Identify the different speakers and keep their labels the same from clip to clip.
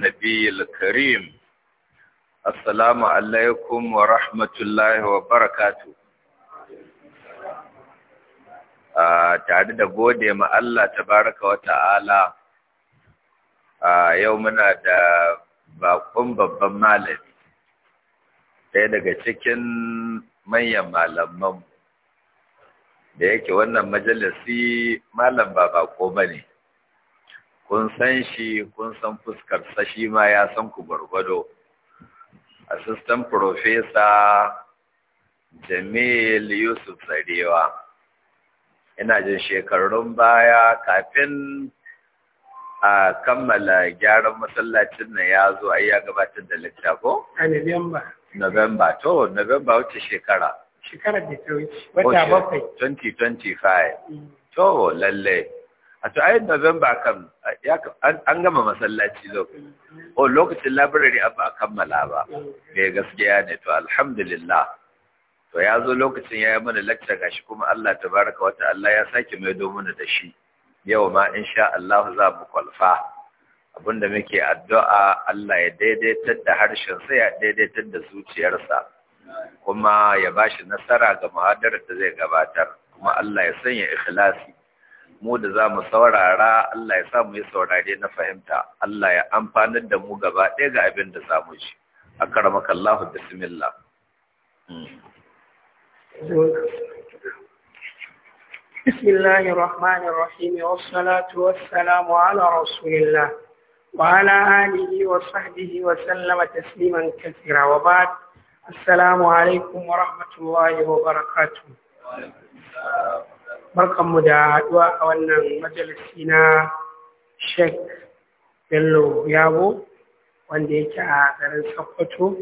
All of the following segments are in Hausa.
Speaker 1: النبي الكريم السلام عليكم ورحمة الله وبركاته tare da gode ma Allah tabaraka wa ta'ala a yau muna da bakon babban malami ɗaya daga cikin manyan malamanmu da yake wannan majalisi malam ba bako bane kun san shi kun san fuskar sa shi ma ya san ku gwargwado assistant professor Jamil Yusuf Sarewa ina jin shekarun baya kafin a kammala gyaran masallacin nan ya zo ai ya gabatar da littafo?
Speaker 2: A November.
Speaker 1: November, to, November wace shekara?
Speaker 2: shekara da ta wuce, wata bakwai.
Speaker 1: 2025. To, lalle. a to ayin november kan an gama masallaci oh, lokacin o lokacin labirari a ba kammala ba mai eh, gaskiya ne to alhamdulillah to ya zo lokacin ya yi mana lakta gashi kuma Allah ta baraka wata Allah ya sake mai mana da shi yau ma insha Allah za mu kwalfa abinda muke addu'a Allah ya daidaita da harshen sa ya daidaitar da zuciyarsa kuma ya bashi nasara ga muhadarar da zai gabatar kuma Allah ya sanya ikhlasi mu da za mu saurara Allah ya samu ya saurare na fahimta Allah ya amfanar da mu gaba ɗaya ga abin da samu shi a karamakan Allah da similla. Hmm.
Speaker 2: Bismillahirrahmanirrahim salatu wa salamu ala rasulillah wa sallama assalamu alaikum wa rahmatullahi wa barakatuh. barkanmu da haɗuwa a wannan majalisi na sheik bello yabo wanda yake a garin sokoto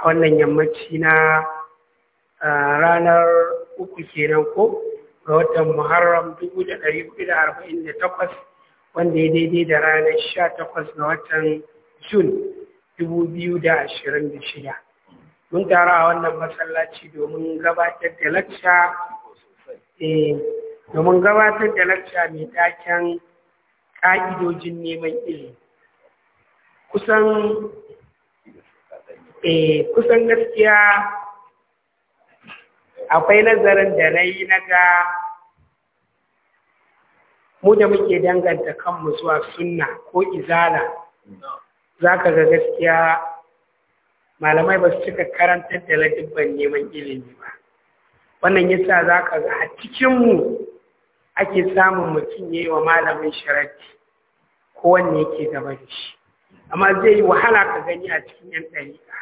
Speaker 2: a wannan yammaci na ranar uku kenan ko ga watan muharram 1448 wanda ya daidai da ranar 18 ga watan jun 2026 mun taru a wannan masallaci domin gabatar da lacca eh, domin gabatar da lakca mai taken ƙa'idojin neman ilimi kusan eh, kusan gaskiya akwai nazarin da na yi na ga mu da muke danganta kanmu zuwa sunna ko izala za ka ga gaskiya malamai ba su cika karantar da ladibban neman ilimi ba wannan yasa za ka ga a cikinmu ake samun mutum ya yi wa malamin sharadi ko wanne yake gaba da shi amma zai yi wahala ka gani a cikin yan ɗariƙa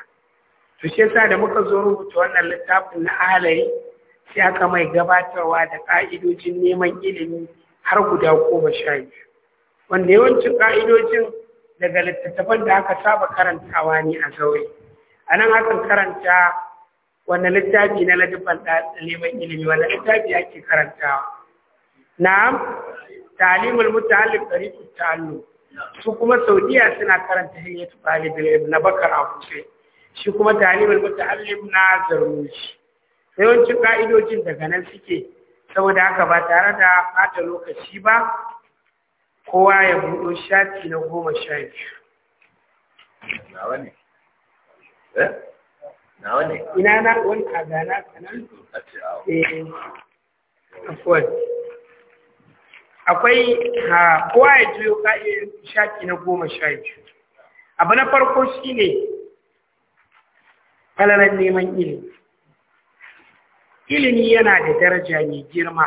Speaker 2: to shi da muka zo rubuta wannan littafin na ahalari sai aka mai gabatarwa da ƙa'idojin neman ilimi har guda goma sha biyu wanda yawancin ƙa'idojin daga littattafan da aka saba karantawa ne a zaure a nan akan karanta wani littafi na ladifan neman ilimi wani littafi ake karantawa na'am ta'limul muta'allim tariqut ta'allum su kuma saudiya suna karanta hilyatu talibul ibn na bakar abusai shi kuma ta'limul muta'allim na zarmushi yawancin ka'idojin daga nan suke saboda haka ba tare da bata lokaci ba kowa ya buɗo shati na goma sha biyu
Speaker 1: eh? ina na wani a ce kanan?
Speaker 2: eh afuwa
Speaker 1: akwai ha kowa ya
Speaker 2: juyo ka'ir shaki na goma sha biyu abu na farko shi ne falalar neman ilimi ilimi yana da daraja mai girma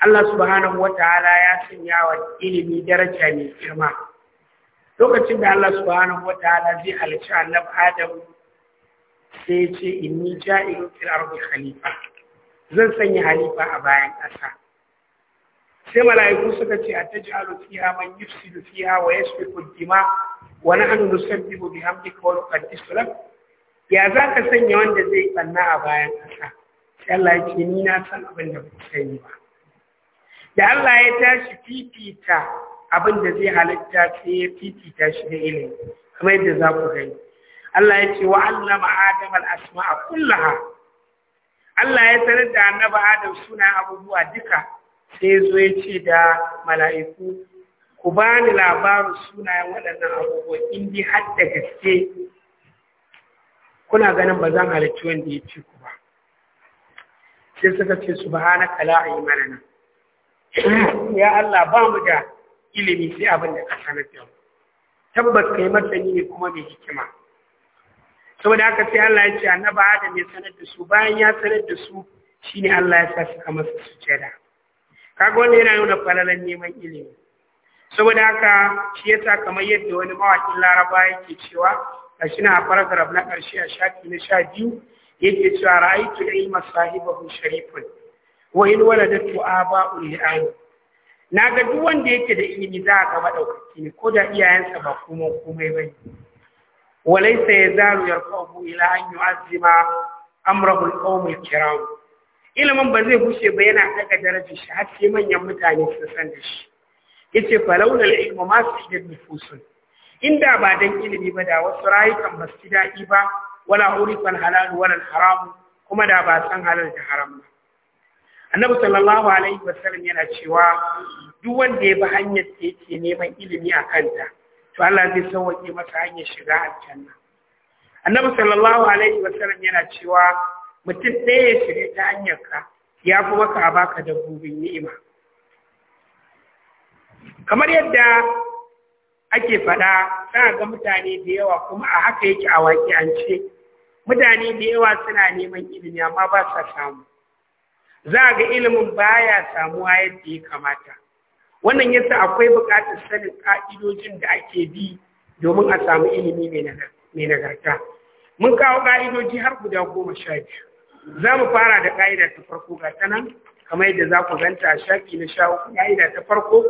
Speaker 2: Allah subhanahu wa ta'ala ya sanya wa ilimi daraja mai girma lokacin da Allah subhanahu wa ta'ala zai halci annabi Adam sai ya ce inni ja'ilu fil ardi khalifa zan sanya halifa a bayan ƙasa sai mala'iku suka ce a ta ji'alu fiha man yufsidu Lufiya wa wani yasfiku dima wa nahnu nusabbihu bihamdika wa nuqaddisu lak ya za ka sanya wanda zai ɓanna a bayan ƙasa sai Allah ya ce ni na san abin da ba sani ba da Allah ya tashi fifita abin da zai halitta sai ya fifita shi da ilimi kamar yadda za ku gani Allah ya ce wa allama adam al-asma'a kullaha Allah ya sanar da annabi Adam suna abubuwa duka sai zo ya ce da mala'iku ku ba ni labarin sunayen waɗannan abubuwan in dai gaske
Speaker 1: kuna ganin ba zan halarci wanda ya ci ku ba sai suka
Speaker 2: ce su a yi mana nan. ya Allah ba mu da ilimi sai abin da ka na fiye Tabbas tabbas kai masani ne kuma mai hikima saboda haka sai Allah ya ce annaba Adam ya sanar da su bayan ya sanar da su shine Allah ya sa suka masa sujada kaga wanda yana nuna falalan neman ilimi saboda haka shi yasa kamar yadda wani mawakin laraba yake cewa gashi na paragraph na karshe a shafi na sha biyu yake cewa ra'aytu ilma sahibahu sharifun wa in waladatu aba'un li'an na ga duk wanda yake da ilimi za a ga madaukaki ne ko da iyayensa ba kuma komai walaisa ya zaru yarfa'u ila an yu'azzima amrahu al-qawm al-kiram ilimin ba zai bushe ba yana daga daraji shi har sai manyan mutane su san da shi yace falawla ilmu ma su da nufusun inda ba dan ilimi ba da wasu rayukan ba su daɗi ba wala urifan halal wala haram kuma da ba san halal da haram ba annabi sallallahu alaihi wasallam yana cewa duk wanda ya bi hanyar da yake neman ilimi a kanta to Allah zai sauwaƙe masa hanyar shiga aljanna annabi sallallahu alaihi wasallam yana cewa mutum ɗaya ya shirya ta hanyar ka ya kuma ka baka dabbobin ni'ima kamar yadda ake faɗa za ga mutane da yawa kuma a haka yake a waƙi an ce mutane da yawa suna neman ilimi amma ba sa samu za ga ilimin baya samuwa yadda ya kamata wannan yasa akwai buƙatar sanin ƙa'idojin da ake bi domin a samu ilimi mai nagarta mun kawo ƙa'idoji har guda goma sha biyu za mu fara da ƙa'ida ta farko ga nan, kamar yadda za ku ganta shaƙi na sha uku ƙa'ida ta farko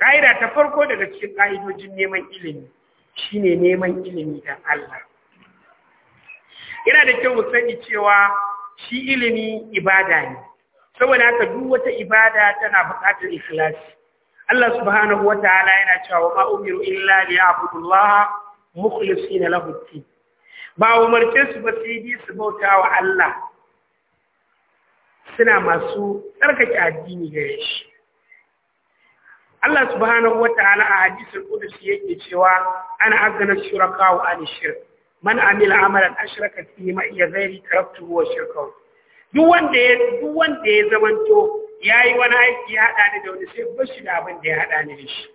Speaker 2: ƙa'ida ta farko daga cikin ƙa'idojin neman ilimi shine neman ilimi don Allah yana da kyau mu sani cewa shi ilimi ibada ne saboda haka duk wata ibada tana buƙatar ikhlasi Allah subhanahu wataala yana cewa ma umiru illa liya'budu Allah mukhlisina lahu ba umarce su ba su yi su bauta wa Allah suna masu tsarkake addini gare shi Allah subhanahu wa ta'ala a hadisin qudsi yake cewa ana azana shuraka wa an shirk man amila amalan ashraka fi ma ya zairi taraktuhu wa shirka duk wanda ya duk wanda ya zamanto yayi wani aiki ya hada ni da wani sai bashi da abin da ya hada ni da shi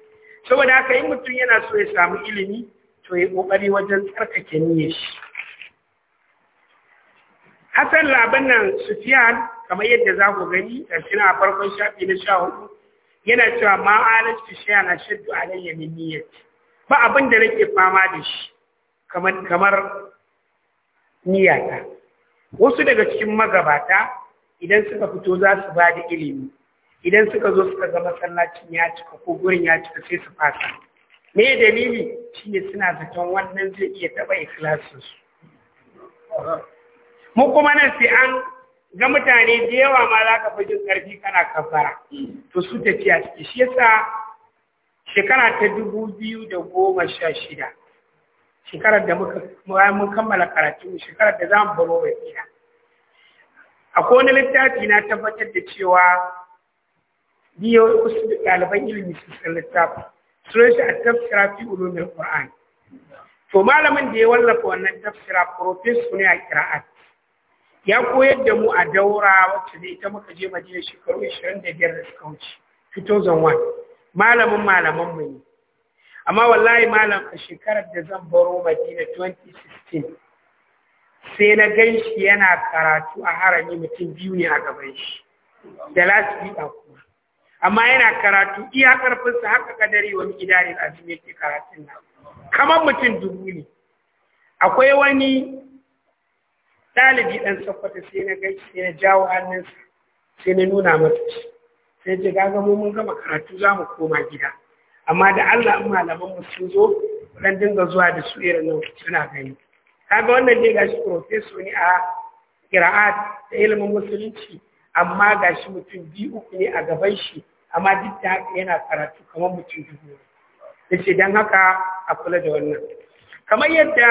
Speaker 2: saboda haka in mutum yana so ya samu ilimi to ya kokari wajen tsarkake niyyar shi Hassan laban nan Sufiyan kamar yadda za ku gani ƙarshen a farkon shafi na sha hudu yana cewa ma'anar Sufiyan a shaddu alayya min niyyar. Ba abin da nake fama da shi kamar kamar niyyata. Wasu daga cikin magabata idan suka fito za su ba da ilimi idan suka zo suka ga masallacin ya cika ko gurin ya cika sai su fasa. Me dalili shine suna zaton wannan zai iya taɓa ikilasinsu. mu kuma nan sai an ga mutane da yawa ma za ka fi jin ƙarfi kana kafara to su tafiya ciki shi yasa shekara ta dubu biyu da goma sha shida shekarar da muka mun kammala karatu shekarar da za mu baro mai gida akwai wani littafi na tabbatar da cewa biyo da ɗaliban ilimi su san littafi sunan shi a tafsira fi ulumin qur'an to malamin da ya wallafa wannan tafsira professor ne a qira'at ya koyar da mu a daura wacce zai ita muka je maje shekaru 25 da suka wuce 2001 malamin malaman mu ne amma wallahi malam a shekarar da zan baro madina 2016 sai na gan shi yana karatu a harami mutum biyu ne a gaban shi da lasibi a kuma amma yana karatu iya karfinsa haka kadari wani idanun azumi yake karatun nan kamar mutum dubu ne akwai wani ɗalibi ɗan tsofaffi sai na gaji sai na jawo hannunsa sai na nuna masa shi sai ji gaga mu mun gama karatu za mu koma gida amma da Allah in malaman mu sun zo dan dinga zuwa da su irin nan suna gani kaga wannan dai gashi professor ne a qira'at da ilimin musulunci amma gashi mutum biyu uku ne a gaban shi amma duk da haka yana karatu kamar mutum dubu yace dan haka a kula da wannan kamar yadda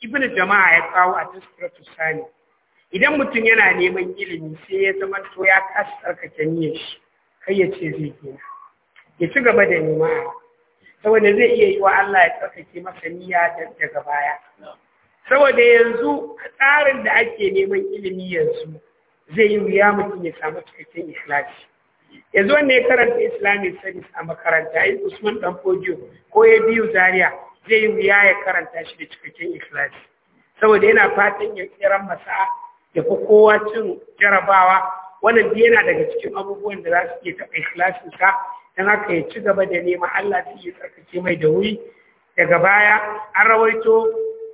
Speaker 2: ibn jama'a ya kawo a tasiratu sani idan mutum yana neman ilimi sai ya zama to ya kasa tsarkake niyyar shi kai ya ce zai gina ya ci gaba da nema saboda zai iya yi wa Allah ya tsarkake masa niyya daga baya saboda yanzu a tsarin da ake neman ilimi yanzu zai yi wuya mutum ya samu cikakken ikhlasi yanzu wanda ya karanta islamic studies a makaranta ya usman dan ko ya biyu zaria zai yi wuya ya karanta shi da cikakken ikhlasi saboda yana fatan ya kiran masa ya fi kowa cin jarabawa wannan biyu yana daga cikin abubuwan da za su iya taɓa ikhlasin sa dan haka ya ci gaba da nema Allah zai iya tsarkake mai da wuri daga baya an rawaito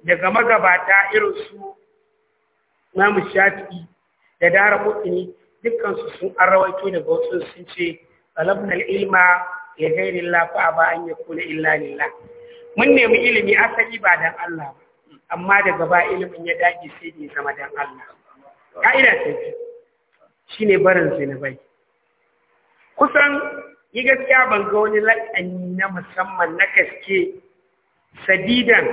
Speaker 2: daga magabata irin su mamu Shafi da Dara Qutni dukkan su sun an rawaito daga wasu sun ce talabnal ilma ya gairin lafa ba an kula illa lillah mun nemi ilimi asali ba dan Allah ba amma daga ba ilimin ya dage sai da zama dan Allah ka'ida ta shi shine barin zinubai kusan yi gaskiya ban ga wani la'ani na musamman na gaske sadidan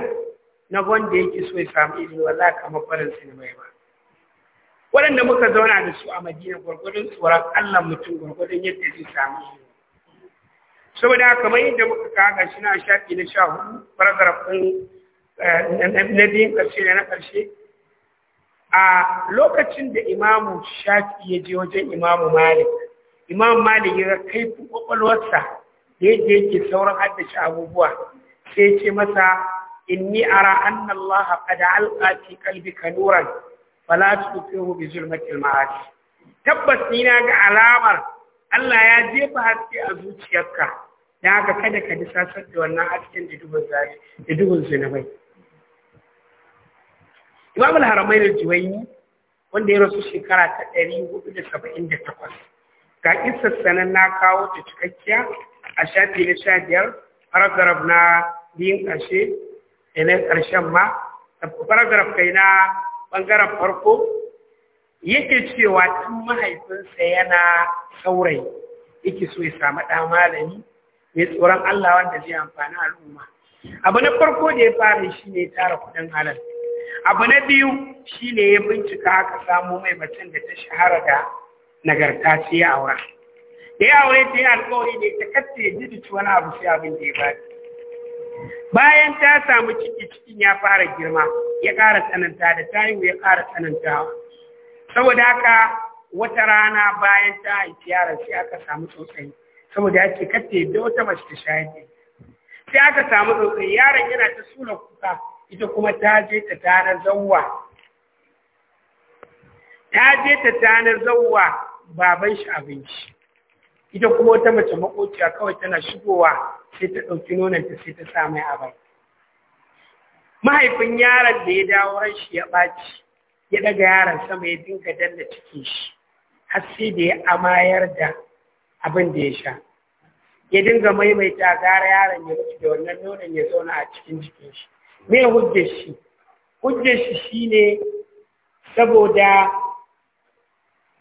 Speaker 2: na wanda yake so ya samu ilimi wala kamar barin zinubai ba waɗanda muka zauna da su a madina gwargwadon tsoron Allah mutum gwargwadon yadda zai samu ilimi saboda kamar yadda muka kaga shi na shafi na sha hudu paragraf eh, na biyun ƙarshe da na ƙarshe a lokacin da imamu shafi ya je wajen imamu malik imamu malik ya kai kwakwalwarsa da yadda yake sauran haddace abubuwa sai ce masa inni ara anna Allah qad alqa kalbi kanuran, nuran fala tuqiru bi zulmatil ma'ad tabbas ni na ga alamar Allah ya jefa haske a zuciyarka da haka kada ka ji sasar da wannan hasken da dubun zari da dubun zunubai Imam al-Haramai da wanda ya rasu shekara ta 478 ga kissar sanan na kawo ta cikakkiya a shafi na sha biyar paragraf na biyun ƙarshe da na ƙarshen ma paragraf kai na ɓangaren farko yake cewa tun mahaifinsa yana saurayi yake so ya samu ɗa malami mai tsoron Allah wanda zai amfani al'umma abu na farko da ya fara shi ne tara kuɗin halal abu na biyu shi ne ya bincika aka samu mai macen da ta shahara da nagarta ce ya aura da ya aure ta yi alkawari ne ta kacce ji wani abu sai abin da ya ba bayan ta samu ciki cikin ya fara girma ya ƙara tsananta da tayiwu ya ƙara tsanantawa saboda haka wata rana bayan ta haifi yaron sai aka samu tsautsayi saboda ya ce kace da wata mace ta shayar sai aka samu tsautsayi yaron yana ta sula kuka ita kuma ta je ta tana zawwa ta je ta tana zawwa baban shi abinci ita kuma wata mace makociya kawai tana shigowa sai ta ɗauki ta sai ta sa mai abai mahaifin yaron da ya dawo ran shi ya ɓaci ya daga yaran sama ya dinga danna cikin shi har sai da ya amayar da abin da ya sha ya dinga maimaita gara yaron ya mutu da wannan nonon ya zauna a cikin jikin shi me hujjar shi hujjar shi shine saboda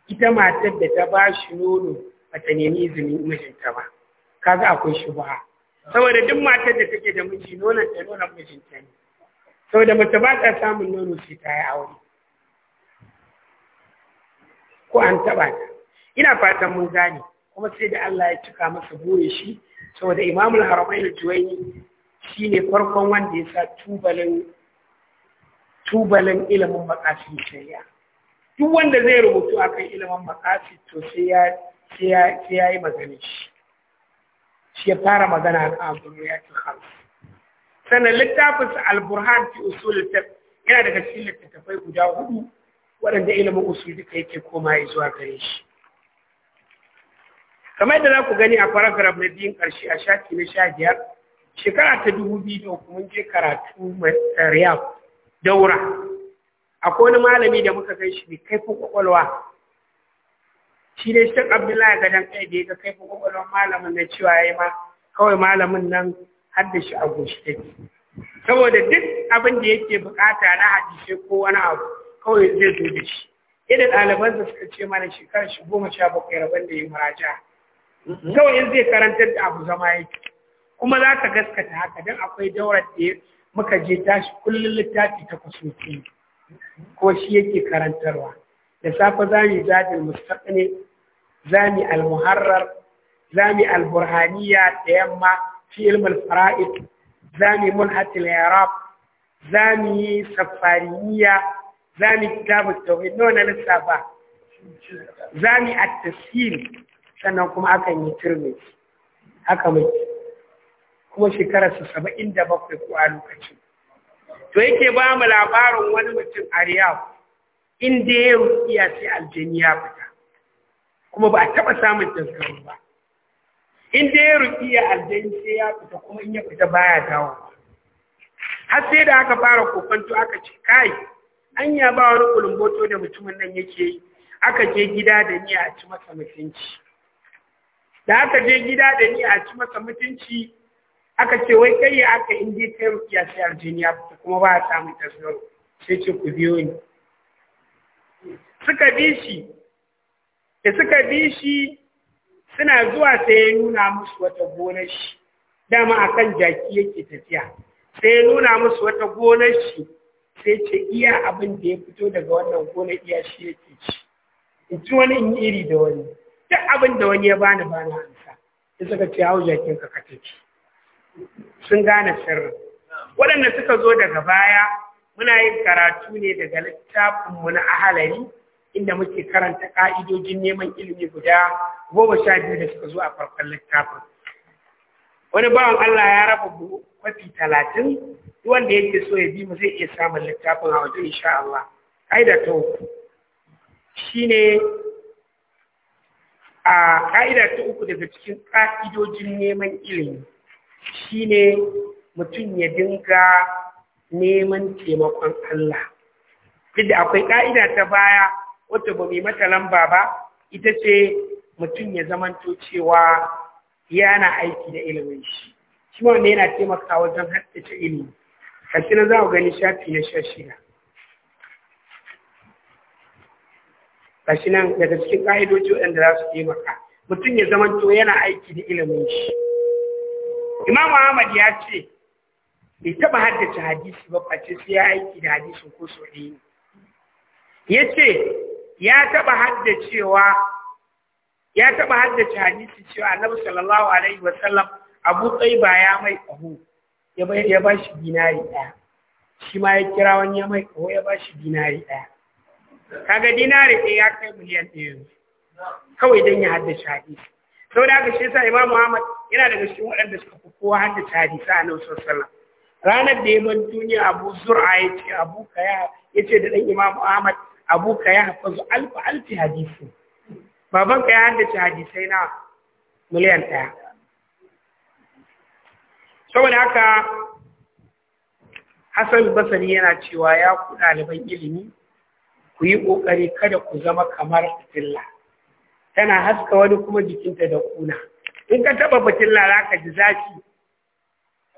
Speaker 2: ita matar da ta ba shi nono ta nemi izinin mijinta ba kaga akwai shi ba, saboda duk matar da take da miji nonon ta nonon mijinta ne
Speaker 1: saboda mace ba ta
Speaker 2: samun nono sai ta yi aure ko an taɓa ta ina fatan mun gane kuma sai da Allah ya cika masa bore shi saboda imamul haramain juwaini shine shine farkon wanda ya sa tubalin tubalin ilimin makasin shari'a duk wanda zai rubutu akan ilimin makasi to sai ya yi magana shi
Speaker 3: shi ya fara magana
Speaker 2: a abin ya ci sanan sannan littafinsa alburhan fi usul yana daga cikin littattafai guda hudu waɗanda ilimin usul duka yake koma zuwa gare shi kamar da za ku gani a paragraf na biyun ƙarshe a shafi na sha biyar shekara ta dubu biyu da uku mun je karatu eh, riyab daura akwai wani malami da muka gan shi mai kaifin kwakwalwa shi ne shi abdullahi gadon kai da ya ga kaifin kwakwalwa malamin na cewa ya yi ma kawai malamin nan har da shi a gushe saboda duk abin da yake bukata na hadisai ko wani abu kawai zai da shi yadda ɗaliban da suka ce mana shekara shi goma sha bakwai rabon da ya muraja mm-hmm. kawai in zai karantar da abu zama yake kuma za ka gaskata haka don akwai daurar da muka je tashi kullum littafi ta kusurci ko shi yake karantarwa da safe za mu yi zadin mustaqni za mu yi muharrar za mu yi alburhaniya da yamma fi ilmin fara'id za mu mulhatil yarab za mu yi safariya za mu kitabu tauhid nawa na lissafa za mu a tashil sannan kuma akan yi tirmidhi haka muke kuma shekararsa saba'in da bakwai ko a lokacin to yake ba mu labarin wani mutum a riyab inda ya ya sai aljani ya fita kuma ba a taɓa samun tasgaru ba inda ya rukiya aljani sai ya fita kuma in ya fita baya dawo har sai da aka fara kokonto aka ce kai anya ba wani boto da mutumin nan yake aka je gida da ni a ci masa mutunci da aka je gida da ni a ci masa mutunci aka ce wai kai ya aka in je kai rukiya sai arjiniya kuma ba a samun tasiru sai ce ku biyo ni suka bi shi da suka bi shi suna zuwa sai ya nuna musu wata gonar shi dama akan jaki yake tafiya sai ya nuna musu wata gonar shi sai ce iya abin da ya fito daga wannan gona iya shi yake ci in ci wani in iri da wani duk abin da wani ya bani bani hansa sai suka ce hau jakin ka ci sun gane sirrin waɗanda suka zo daga baya muna yin karatu ne daga littafin mu na ahalari inda muke karanta ka'idojin neman ilimi guda goma sha biyu da suka zo a farkon littafin
Speaker 1: wani bawan Allah ya
Speaker 2: raba kwafi talatin duk wanda yake so ya bi mu zai iya samun littafin a wajen insha Allah ta uku shine a ƙa'ida ta uku daga cikin ƙa'idojin neman ilimi shine mutum ya dinga neman taimakon Allah duk akwai ƙa'ida ta baya wata ba mai mata lamba ba ita ce mutum ya zamanto cewa yana aiki da ilimin shi shi wanda yana taimakawa wajen haddace ilimi kashi na za ku gani shafi na sha shida kashi nan daga cikin ƙa'idoji waɗanda za su taimaka mutum ya zama to yana aiki da ilimin shi imamu ahmad ya ce bai taɓa haddace hadisi ba face sai ya aiki da hadisin ko so ɗaya ya ce ya taɓa haddacewa ya taɓa haddace hadisi cewa annabi sallallahu alaihi wasallam abu tsaiba ya mai ƙaho ya ba shi dinari ɗaya shi ma ya kira wani ya mai ko ya ba shi dinari ɗaya kaga dinari ɗaya ya kai miliyan ɗaya kawai don ya haddace hadisi sau da aka shi sa imam muhammad yana daga cikin waɗanda suka fi kowa haddace hadisi a nan ranar da ya man duniya abu zur'a ya ce abu kaya ya ce da ɗan imam muhammad abu kaya zu alfa alfi hadisi baban ka ya haddace hadisai na miliyan ɗaya saboda haka Hassan Basari yana cewa ya ku daliban ilimi ku yi ƙoƙari kada ku zama kamar fitilla tana haska wani kuma jikinta da kuna in ka taɓa fitilla za ka ji zafi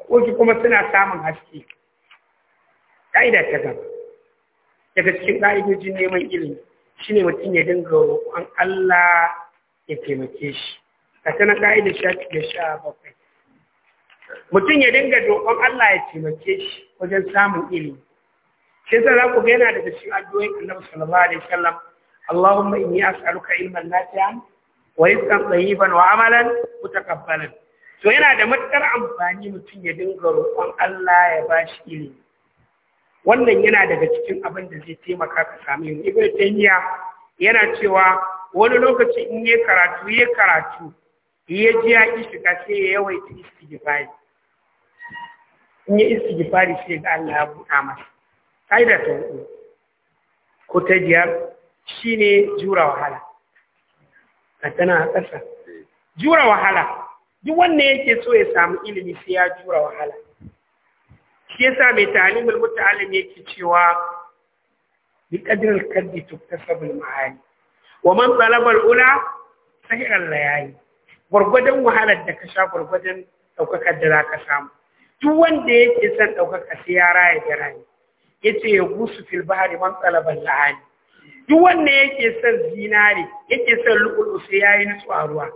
Speaker 2: ƙoƙi kuma suna samun haske ƙa'ida ta gaba daga cikin ƙa'idojin neman ilimi shi ne mutum ya dinga roƙon Allah ya taimake shi a tana ƙa'idar shafi da sha bakwai mutum ya dinga dokon Allah ya taimake shi wajen samun ilimi shi yasa za ku ga yana daga cikin addu'o'in Annabi sallallahu alaihi wasallam Allahumma inni as'aluka ilman nafi'an wa rizqan tayyiban wa amalan mutakabbalan to yana da matuƙar amfani mutum ya dinga roƙon Allah ya shi ilimi wannan yana daga cikin abin da zai taimaka ka sami ilimi Ibn tayyiya yana cewa wani lokaci in yi karatu ya karatu ya ji ya ƙi shiga sai ya yawaita istighfari in yi istighfari sai ga Allah ya buɗa masa kaida ta hudu, ko ta biyar shine jura wahala ka tana a ƙasa jura wahala duk wanda yake so ya samu ilimi sai ya jura wahala shi ya sa mai ta'alimul muta'allim yake cewa bi qadril kaddi tuktasabul ma'ani
Speaker 1: wa man tsalabar ula, ula
Speaker 2: Allah ya yi. gwargwadon wahalar da ka sha gwargwadon ɗaukakar da ka samu duk wanda yake son ɗaukaka sai ya raya rani, ya ce ya gusu fil bahari man tsalaban la'ani duk wanda yake son zinare yake son lukulu sai ya yi nutsu a ruwa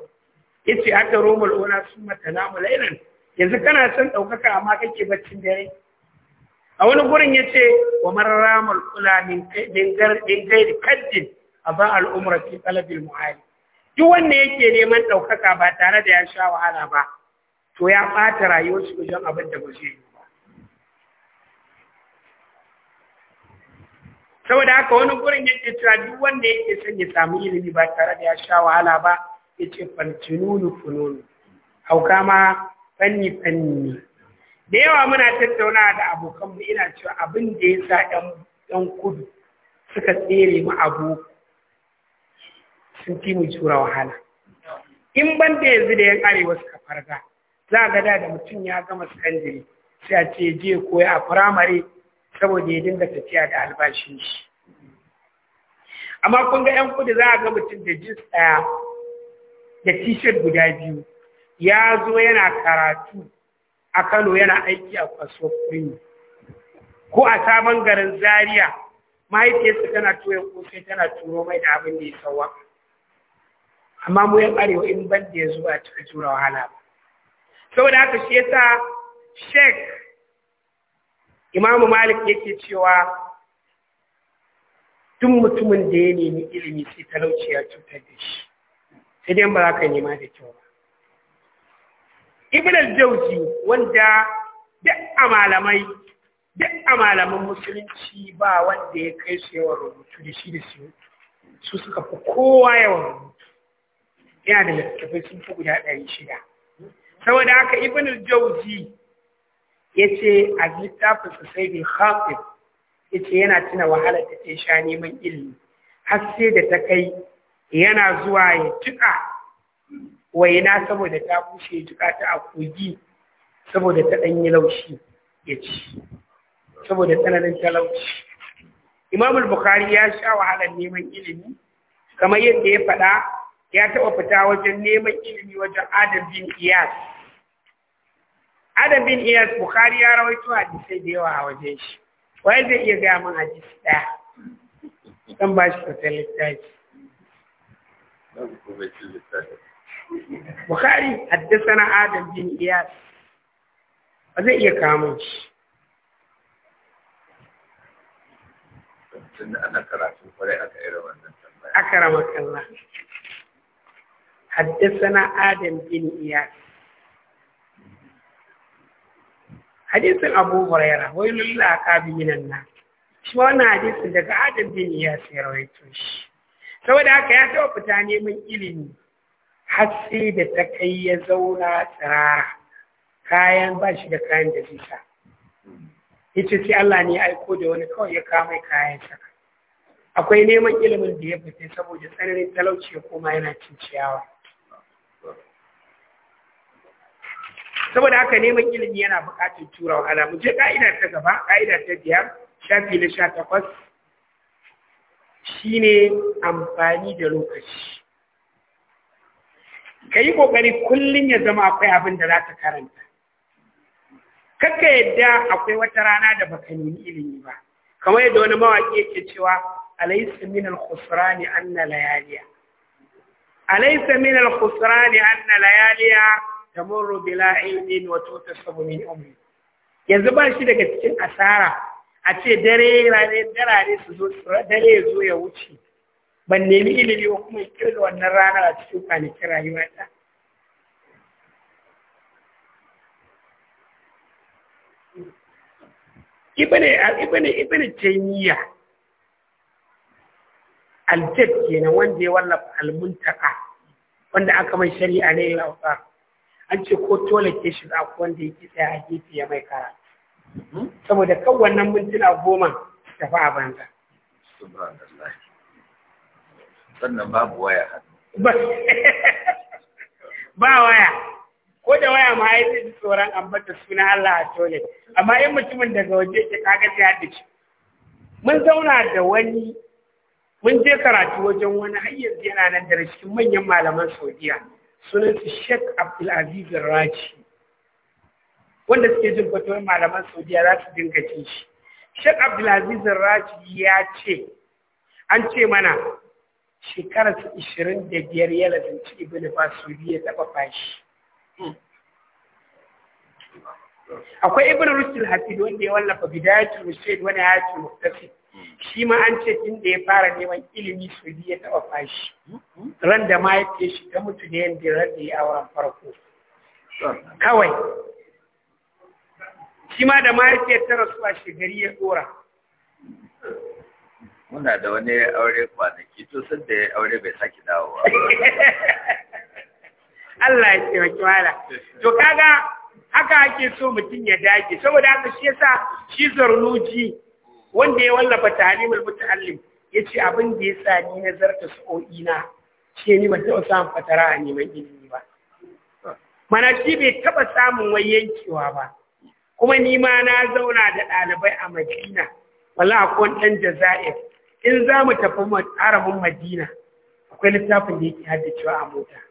Speaker 2: ya ce haka roma lona sun mata namu lainan. yanzu kana son ɗaukaka amma kake baccin dare a wani gurin ya ce wa marara kula min gairi kaddin a ba al'umar fi tsalabin mu'ali duk wanda yake neman ɗaukaka ba tare da ya sha wahala ba to ya ɓata rayuwar shi wajen abin da ba shi saboda haka wani gurin yake cewa duk wanda yake son ya samu ilimi ba tare da ya sha wahala ba ya ce fantinunu fununu hauka ma fanni fanni da yawa muna tattauna da abokanmu ina cewa abin da ya sa ɗan kudu suka tsere mu abu sun fi mu jura wahala in ban da yanzu da yan arewa suka farga za ga da da mutum ya gama sakandare sai a ce je koya a firamare saboda ya dinga tafiya da albashin shi amma kun ga yan kudi za a ga mutum da jins ɗaya da t-shirt guda biyu ya zo yana karatu a kano yana aiki a kwaso kuri ko a sabon garin zaria mahaifiyarsa tana tuyo kosai tana turo mai da abin da ya sauwa amma mu yan arewa in ban da ya zuwa a cika jura wahala saboda haka shi yasa Sheikh Imam Malik yake cewa duk mutumin da ya nemi ilimi sai talauci ya cutar da shi sai dai ba za ka nema da kyau ba Ibn al wanda duk a duk a malaman musulunci ba wanda ya kai su yawan rubutu da shi da su su suka fi kowa yawan rubutu yana da littattafai sun fi guda ɗari shida saboda haka ibn al-jawzi yace a littafin sa sai bi khatib yace yana tuna wahalar da ta sha neman ilimi har sai da ta kai yana zuwa ya tuka waina saboda ta bushe tuka ta a kogi saboda ta danyi laushi ya saboda tsananin talauci imam al-bukhari ya sha wahalar neman ilimi kamar yadda ya faɗa ya taɓa fita wajen neman ilimi wajen adabin bin iyas Adam bin Iyas Bukhari ya rawaito hadisai da yawa a wajen shi. Wai zai iya gaya min hadisi ɗaya. Zan ba shi kyautar littafi. Bukhari haddasa na Adam bin Iyas. Ba zai iya kamun shi.
Speaker 1: Tunda ana karatu kwarai aka irin tambaya. Aka kalla.
Speaker 2: Haddasa na Adam bin Iyas. hadisin abu huraira wai lulla ka bi minan na shi wannan hadisin daga adam bin ya rawaito shi saboda haka ya taɓa fita neman ilimi har sai da ta kai ya zauna tsirara kayan ba shi da kayan da zita ita ce Allah ne aiko da wani kawai ya kama kayan sa akwai neman ilimin da ya fita saboda tsananin talauci ya koma yana cin ciyawa saboda haka neman ilimi yana buƙatar tura wahala mu je ka'idar ta gaba ka'idar ta biyar shafi na sha takwas shine amfani da lokaci ka yi ƙoƙari kullum ya zama akwai abin da za ta karanta kakka yadda akwai wata rana da baka nemi ilimi ba kamar yadda wani mawaƙi yake cewa alaysa min al anna layaliya alaysa min al anna layaliya tamurru bila ilmin wa tutasabu min umri yanzu ba shi daga cikin asara a ce dare rane darare su zo dare ya zo ya wuce ban nemi ilimi ba kuma kirga wannan ranar a cikin kwanakin rayuwata Ibane ibn taymiya al kenan wanda ya wallafa al-muntaka wanda aka mai shari'a ne ya wallafa an ce ko toilet ke za ku wanda yake tsaye a gefe ya mai kara saboda kan mun mintuna goma tafi a banza
Speaker 1: sannan babu waya hannu
Speaker 2: ba waya ko da waya ma ya ji tsoron ambata suna Allah a tole amma in mutumin daga waje ke kaga sai haɗe shi mun zauna da wani mun je karatu wajen wani hanyar yana nan da cikin manyan malaman Saudiya sunan su Sheikh Abdulaziz Raji wanda suke jin fatowar malaman Saudiya za su dinga jin shi Sheikh Abdulaziz Raji ya ce an ce mana shekarar ishirin da biyar ya lazanci Ibn Masudi ya taba fashi. Akwai Ibn Rushd al wanda ya wallafa Bidayatul Rushd wani ayatul Muqtasid shi ma an ce tun da ya fara neman ilimi su ya taɓa fashi ran da mahaifiyar shi ta mutu ne yadda ran da ya auren farko kawai shi ma da mahaifiyar ta rasu a shigari ya ɗora
Speaker 1: muna da wani aure kwanaki to sun da aure bai sake dawo.
Speaker 2: Allah ya taimaki wala to kaga haka ake so mutum ya dage saboda haka shi yasa shi zarnuji wanda ya wallafa ta'limul muta'allim yace abin da ya sa ni nazarta su'o'ina
Speaker 3: ce ni ban taɓa
Speaker 2: samun fatara a neman ilimi ba mana shi bai taɓa samun wai yankewa ba kuma ni ma na zauna da ɗalibai a madina wala akwai ɗan jaza'ir in za mu tafi haramin madina akwai littafin da yake haddacewa a mota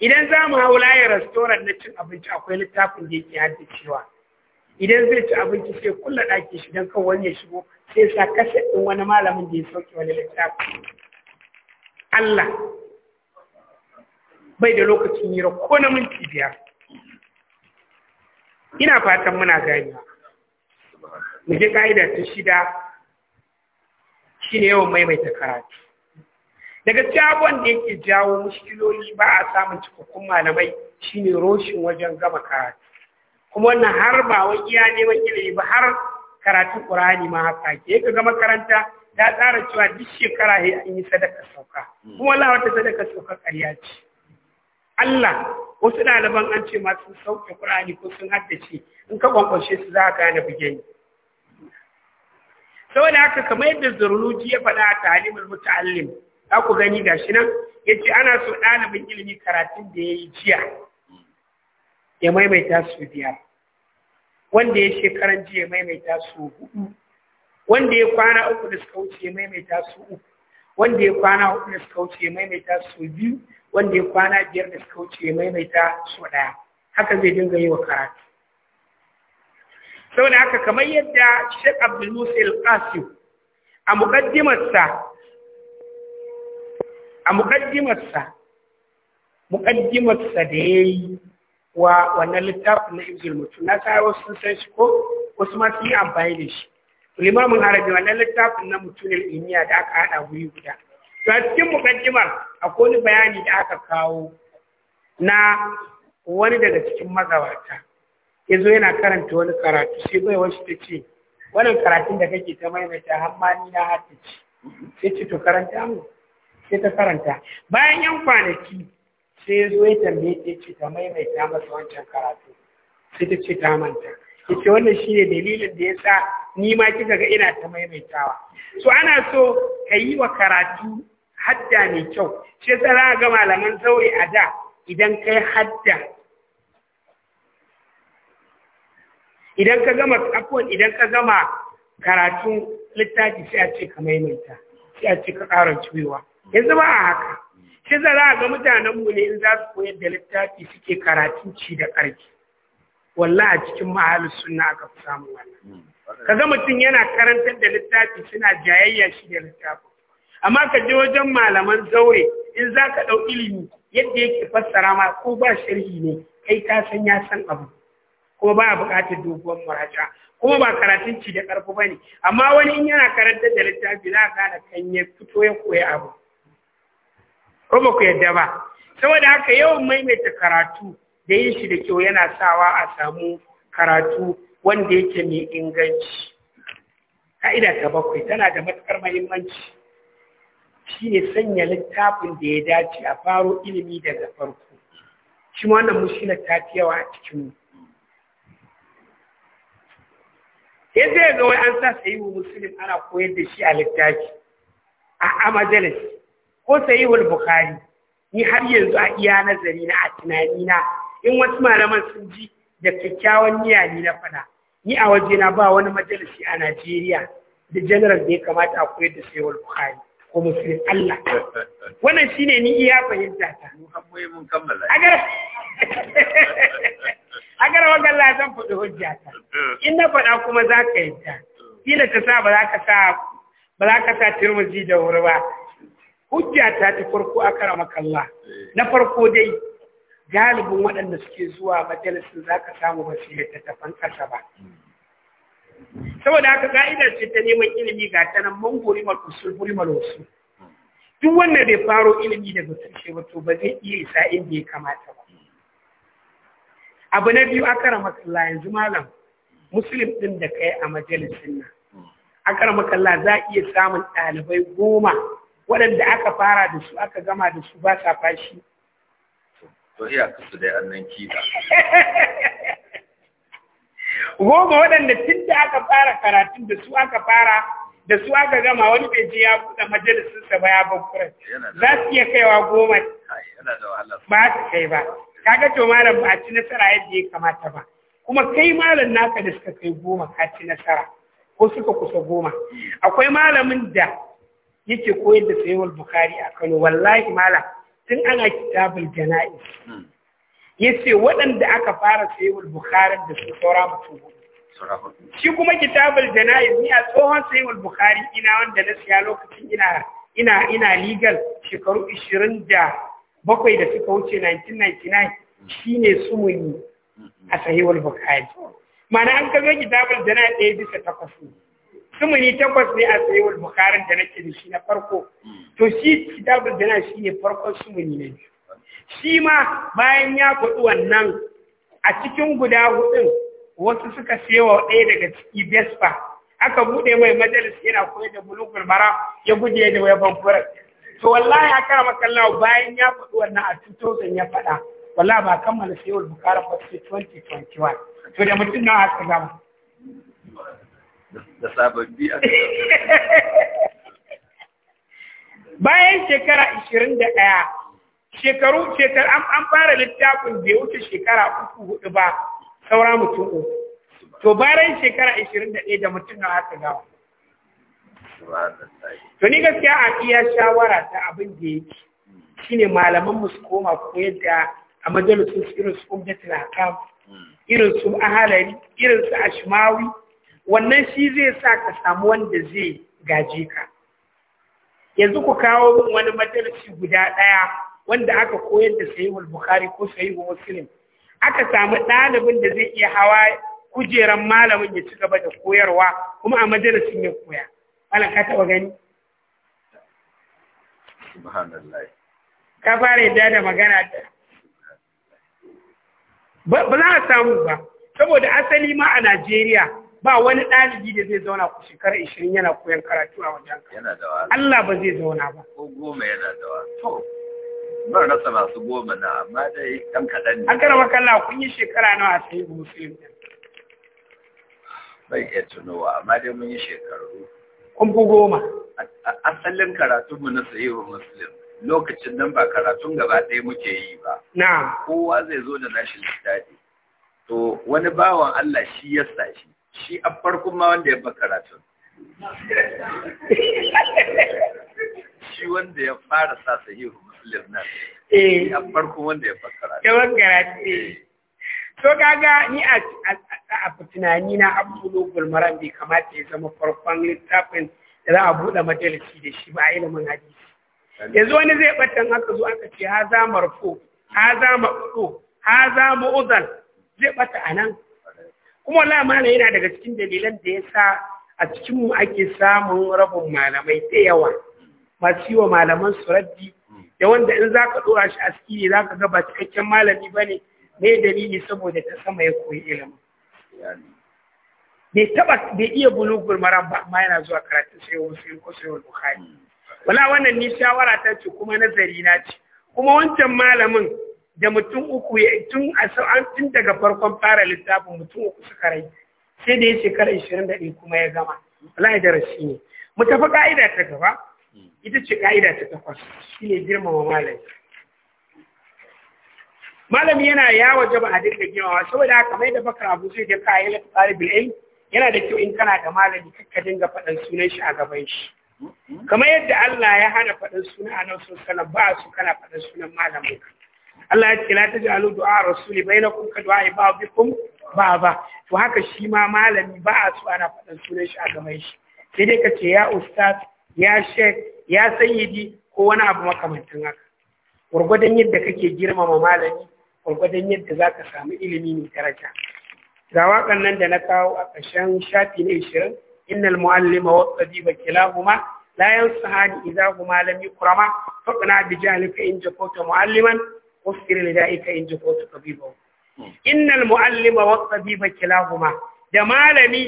Speaker 2: idan za mu hau layin restaurant na cin abinci akwai littafin da yake haddacewa idan zai ci abinci sai kulla ɗaki shi don kan wani ya shigo sai sa kashe ɗin wani malamin da ya sauke wani littafi Allah bai da lokacin hira ko na minti biyar ina fatan muna gani mu je ka'ida ta shida shine yawan maimaita karatu daga cikin wanda da yake jawo mushkiloli ba a samun cikakkun malamai shine roshin wajen gama karatu kuma wannan har ba wai iya neman ilimi ba har karatun Qur'ani ma haka ke ga ga makaranta ta tsara cewa duk shekara ya an yi sadaka
Speaker 3: sauka hmm. kuma
Speaker 2: Allah wata sadaka sauka ƙarya ce Allah wasu ɗaliban an ce ma sun sauke Qur'ani ko sun haddace in ka kwankwashe su za ka gane bugeni saboda haka kamar yadda zurnuji ya faɗa a ta'alimul muta'allim za ku gani gashi nan yace ana so ɗalibin ilimi karatun da yayi jiya ya maimaita su biyar
Speaker 1: wanda ya shekaran
Speaker 2: jiya maimaita su hudu wanda ya kwana uku da suka wuce ya maimaita su uku wanda ya kwana hudu da suka wuce ya maimaita su biyu wanda ya kwana biyar da suka wuce ya maimaita su ɗaya haka zai dinga yi wa karatu saboda haka kamar yadda Sheikh Abdul Musa Al-Qasim a muqaddimarsa a muqaddimarsa muqaddimarsa da yayi wa wannan littafin na ibn mutum na sa sun san shi ko wasu ma sun yi amfani da shi limamin arabi wannan littafin na mutumin ilmiya da aka hada wuri guda to a cikin mukaddimar akwai wani bayani da aka kawo na wani daga cikin magabata ya zo yana karanta wani karatu sai bai wasu ta ce wannan karatun da kake ta maimaita ni na hatici sai ce to karanta mu sai ta karanta bayan yan kwanaki sai zo ya tambaye ta ce ta maimaita masa wancan karatu sai ta ce ta manta ya ce wannan shi ne dalilin da ya sa ni ma kika ga ina ta maimaitawa so ana so ka yi wa karatu hadda mai kyau shi yasa za ga malaman zaure a da idan yi hadda idan ka gama idan ka gama karatun littafi sai a ce ka maimaita sai a ce ka ƙara cewa. yanzu ba a haka shi za a ga mutanenmu ne in za su koyar da littafi suke karatun ci da ƙarfi walla a cikin mahalin suna aka fi samun wannan hmm, ka ga mutum yana karantar da littafi suna jayayya shi da littafi. amma ka je wajen malaman zaure in za ka ɗau ilimi yadda yake fassara ma ko ba sharhi ne kai ka san ya san abu kuma ba buƙatar doguwar muraja kuma ba karatun ci da ƙarfi ba ne amma wani in yana karantar da littafi za a gane kan ya fito ya koya abu ko ba ku yadda ba saboda haka yawan maimaita karatu da yin shi da kyau yana sawa a samu karatu wanda yake mai inganci ka'ida ta bakwai tana da matukar mahimmanci shi ne sanya littafin da ya dace a faro ilimi daga farko shi wannan mushina ta fi yawa a cikin yadda ya ga wai an sa sayi wa musulun ana koyar da shi a littafi a majalis ko sahihul bukhari ni har yanzu a iya nazari na a tunani na in wasu malaman sun ji da kyakkyawan niyya ni na fada ni a waje na ba wani majalisi a Najeriya da general da ya kamata a koyar da sahihul bukhari ko musulun Allah wannan shine ni iya fahimta ta mun kammala agar wagan la zan faɗi hujja ta in na faɗa kuma za ka ta kila ta sa ba za ka sa ba za ka sa turmuzi da wuri ba hujja ta ta farko a kara makalla na farko dai galibin waɗanda suke zuwa majalisun za ka samu ba su littattafan ƙasa ba saboda haka ka'idar ce ta neman ilimi ga ta nan man gori malusul duk wanda bai faro ilimi daga tushe ba to ba zai iya isa inda ya kamata ba
Speaker 1: abu na biyu aka
Speaker 2: rama kalla yanzu malam musulun ɗin da ka yi a majalisun nan aka rama kalla za a iya samun ɗalibai goma waɗanda aka fara da su aka gama da su ba sa fashi
Speaker 1: to iya kasu da annan kiɗa.
Speaker 2: goma waɗanda tun da aka fara karatun da su aka fara da su aka gama wani bai je ya buɗe majalisinsa ba ya bankura za su iya kaiwa goma ba su kai ba kaga to malam ba a ci nasara yadda ya kamata ba kuma kai malam naka da suka kai goma ka ci nasara ko suka kusa goma hmm. akwai malamin da yake koyar da sayewar bukari a kano wallahi mala tun ana kitabul jana'i hmm. ya ce waɗanda aka fara sayewar bukari da su saura mutum shi kuma kitabul jana'i ni a tsohon sayewar bukari ina wanda na siya lokacin ina ina ina legal shekaru 27 da suka wuce 1999 hmm. shine sumuni hmm, a sayewar bukari. Mana an kazo kitabul jana'i ɗaya bisa takwas ne sumuni takwas ne a sayewar bukarin da nake da shi na farko to shi kitabul jana shi ne farkon sumuni ne. shi ma bayan ya kudu wannan a cikin guda hudun wasu suka wa ɗaya daga ciki vespa aka buɗe mai majalis yana koyar da bulugul mara ya guje da wayan furar to wallahi aka kama bayan ya kudu wannan a 2000 ya faɗa wallahi ba kammala sayewar bukarin ba sai 2021 to da mutum na aka gama
Speaker 1: da sababbi a
Speaker 2: bayan shekara 21 shekaru shekar an fara littafin bai wuce shekara uku hudu ba saura mutum uku to bayan shekara 21 da mutum na aka gawa to ni gaskiya a iya shawara ta abin da ya Shi ne malaman musu koma koyar da a majalisun irin su umdatul kam. Hmm. irin su ahalari irin su ashimawi wannan shi zai sa ka samu wanda zai gaje ka yanzu ku kawo min wani madarasi guda ɗaya wanda aka koyar da sahihul bukhari ko sahihul muslim aka samu ɗalibin da zai iya hawa kujeran malamin ya ci gaba da koyarwa kuma a madarasin ya koya malam ka taɓa gani ka fara yadda da magana ba za a samu ba saboda asali ma a najeriya ba wani ɗalibi da zai zauna ku shekara ishirin yana koyan karatu a wajen
Speaker 1: Allah ba zai zauna ba ko goma yana dawa to ba rasa masu goma na amma dai ɗan kaɗan ne an karama kalla kun yi shekara
Speaker 2: nawa a sayi musulun ɗin
Speaker 1: bai iya tunowa amma dai mun yi shekaru
Speaker 2: kun fi goma
Speaker 1: asalin karatunmu na sayi musulun lokacin nan ba karatun gaba ɗaya muke yi ba na kowa zai zo da nashi littafi to wani bawan Allah shi ya sa shi shi a farkon ma wanda ya ba karatun shi wanda ya fara sa sahihu musulun nan eh a farkon wanda ya ba karatun ya ban
Speaker 2: karatu to kaga ni a a tunani na abubuwan gulmaran bai kamata ya zama farkon littafin da za a buɗe majalisi da shi ba a yi ilimin hadisi yanzu wani zai batan haka zo aka ce ha za marfo ha za maɓuɗo ha za mu'uzal zai bata a nan kuma wallahi malam yana daga cikin dalilan da ya sa a cikinmu ake samun rabin malamai ta yawa masu yi wa malaman su raddi da wanda in za ka ɗora shi a ne za ka gaba cikakken malami ba ne mai dalili saboda ta sama ya koyi ilimi bai taba bai iya bulugul maran ba amma yana zuwa karatun sai wasu ko sai Wani wala wannan ni shawara ta ce kuma nazari na ce kuma wancan malamin da mutum uku ya tun tun daga farkon fara littafin mutum uku suka rai sai da ya shekara 21 kuma ya gama wallahi darasi ne mu tafi ka'ida ta gaba ita ce ka'ida ta takwas ne girmama malami malami yana ya waje a dinga girmama saboda haka mai da bakar abu zai a kayan talibul ilm yana da kyau in kana da malami kakka dinga faɗan sunan shi a gaban shi kamar yadda Allah ya hana faɗin suna a nan sun ba su kana faɗan sunan malamin Allah ya ce la jalu du'a rasuli na ka du'a kum ba ba to haka shi ma malami ba a so ana faɗan sunan shi a gaban shi sai dai ka ce ya ustaz ya sheikh ya sayyidi ko wani abu makamantan haka gurgudan yadda kake girmama malami gurgudan yadda za ka samu ilimi ne daraja ga waƙan nan da na kawo a ƙarshen shafi na ishirin innal mu'allima wa tsadiba kilahuma la yansahani idahu malami kurama yukrama faqna bi jahlika in jafawta mu'alliman واغفر لذلك إن جفوت طبيبه إن المعلم والطبيب كلاهما da malami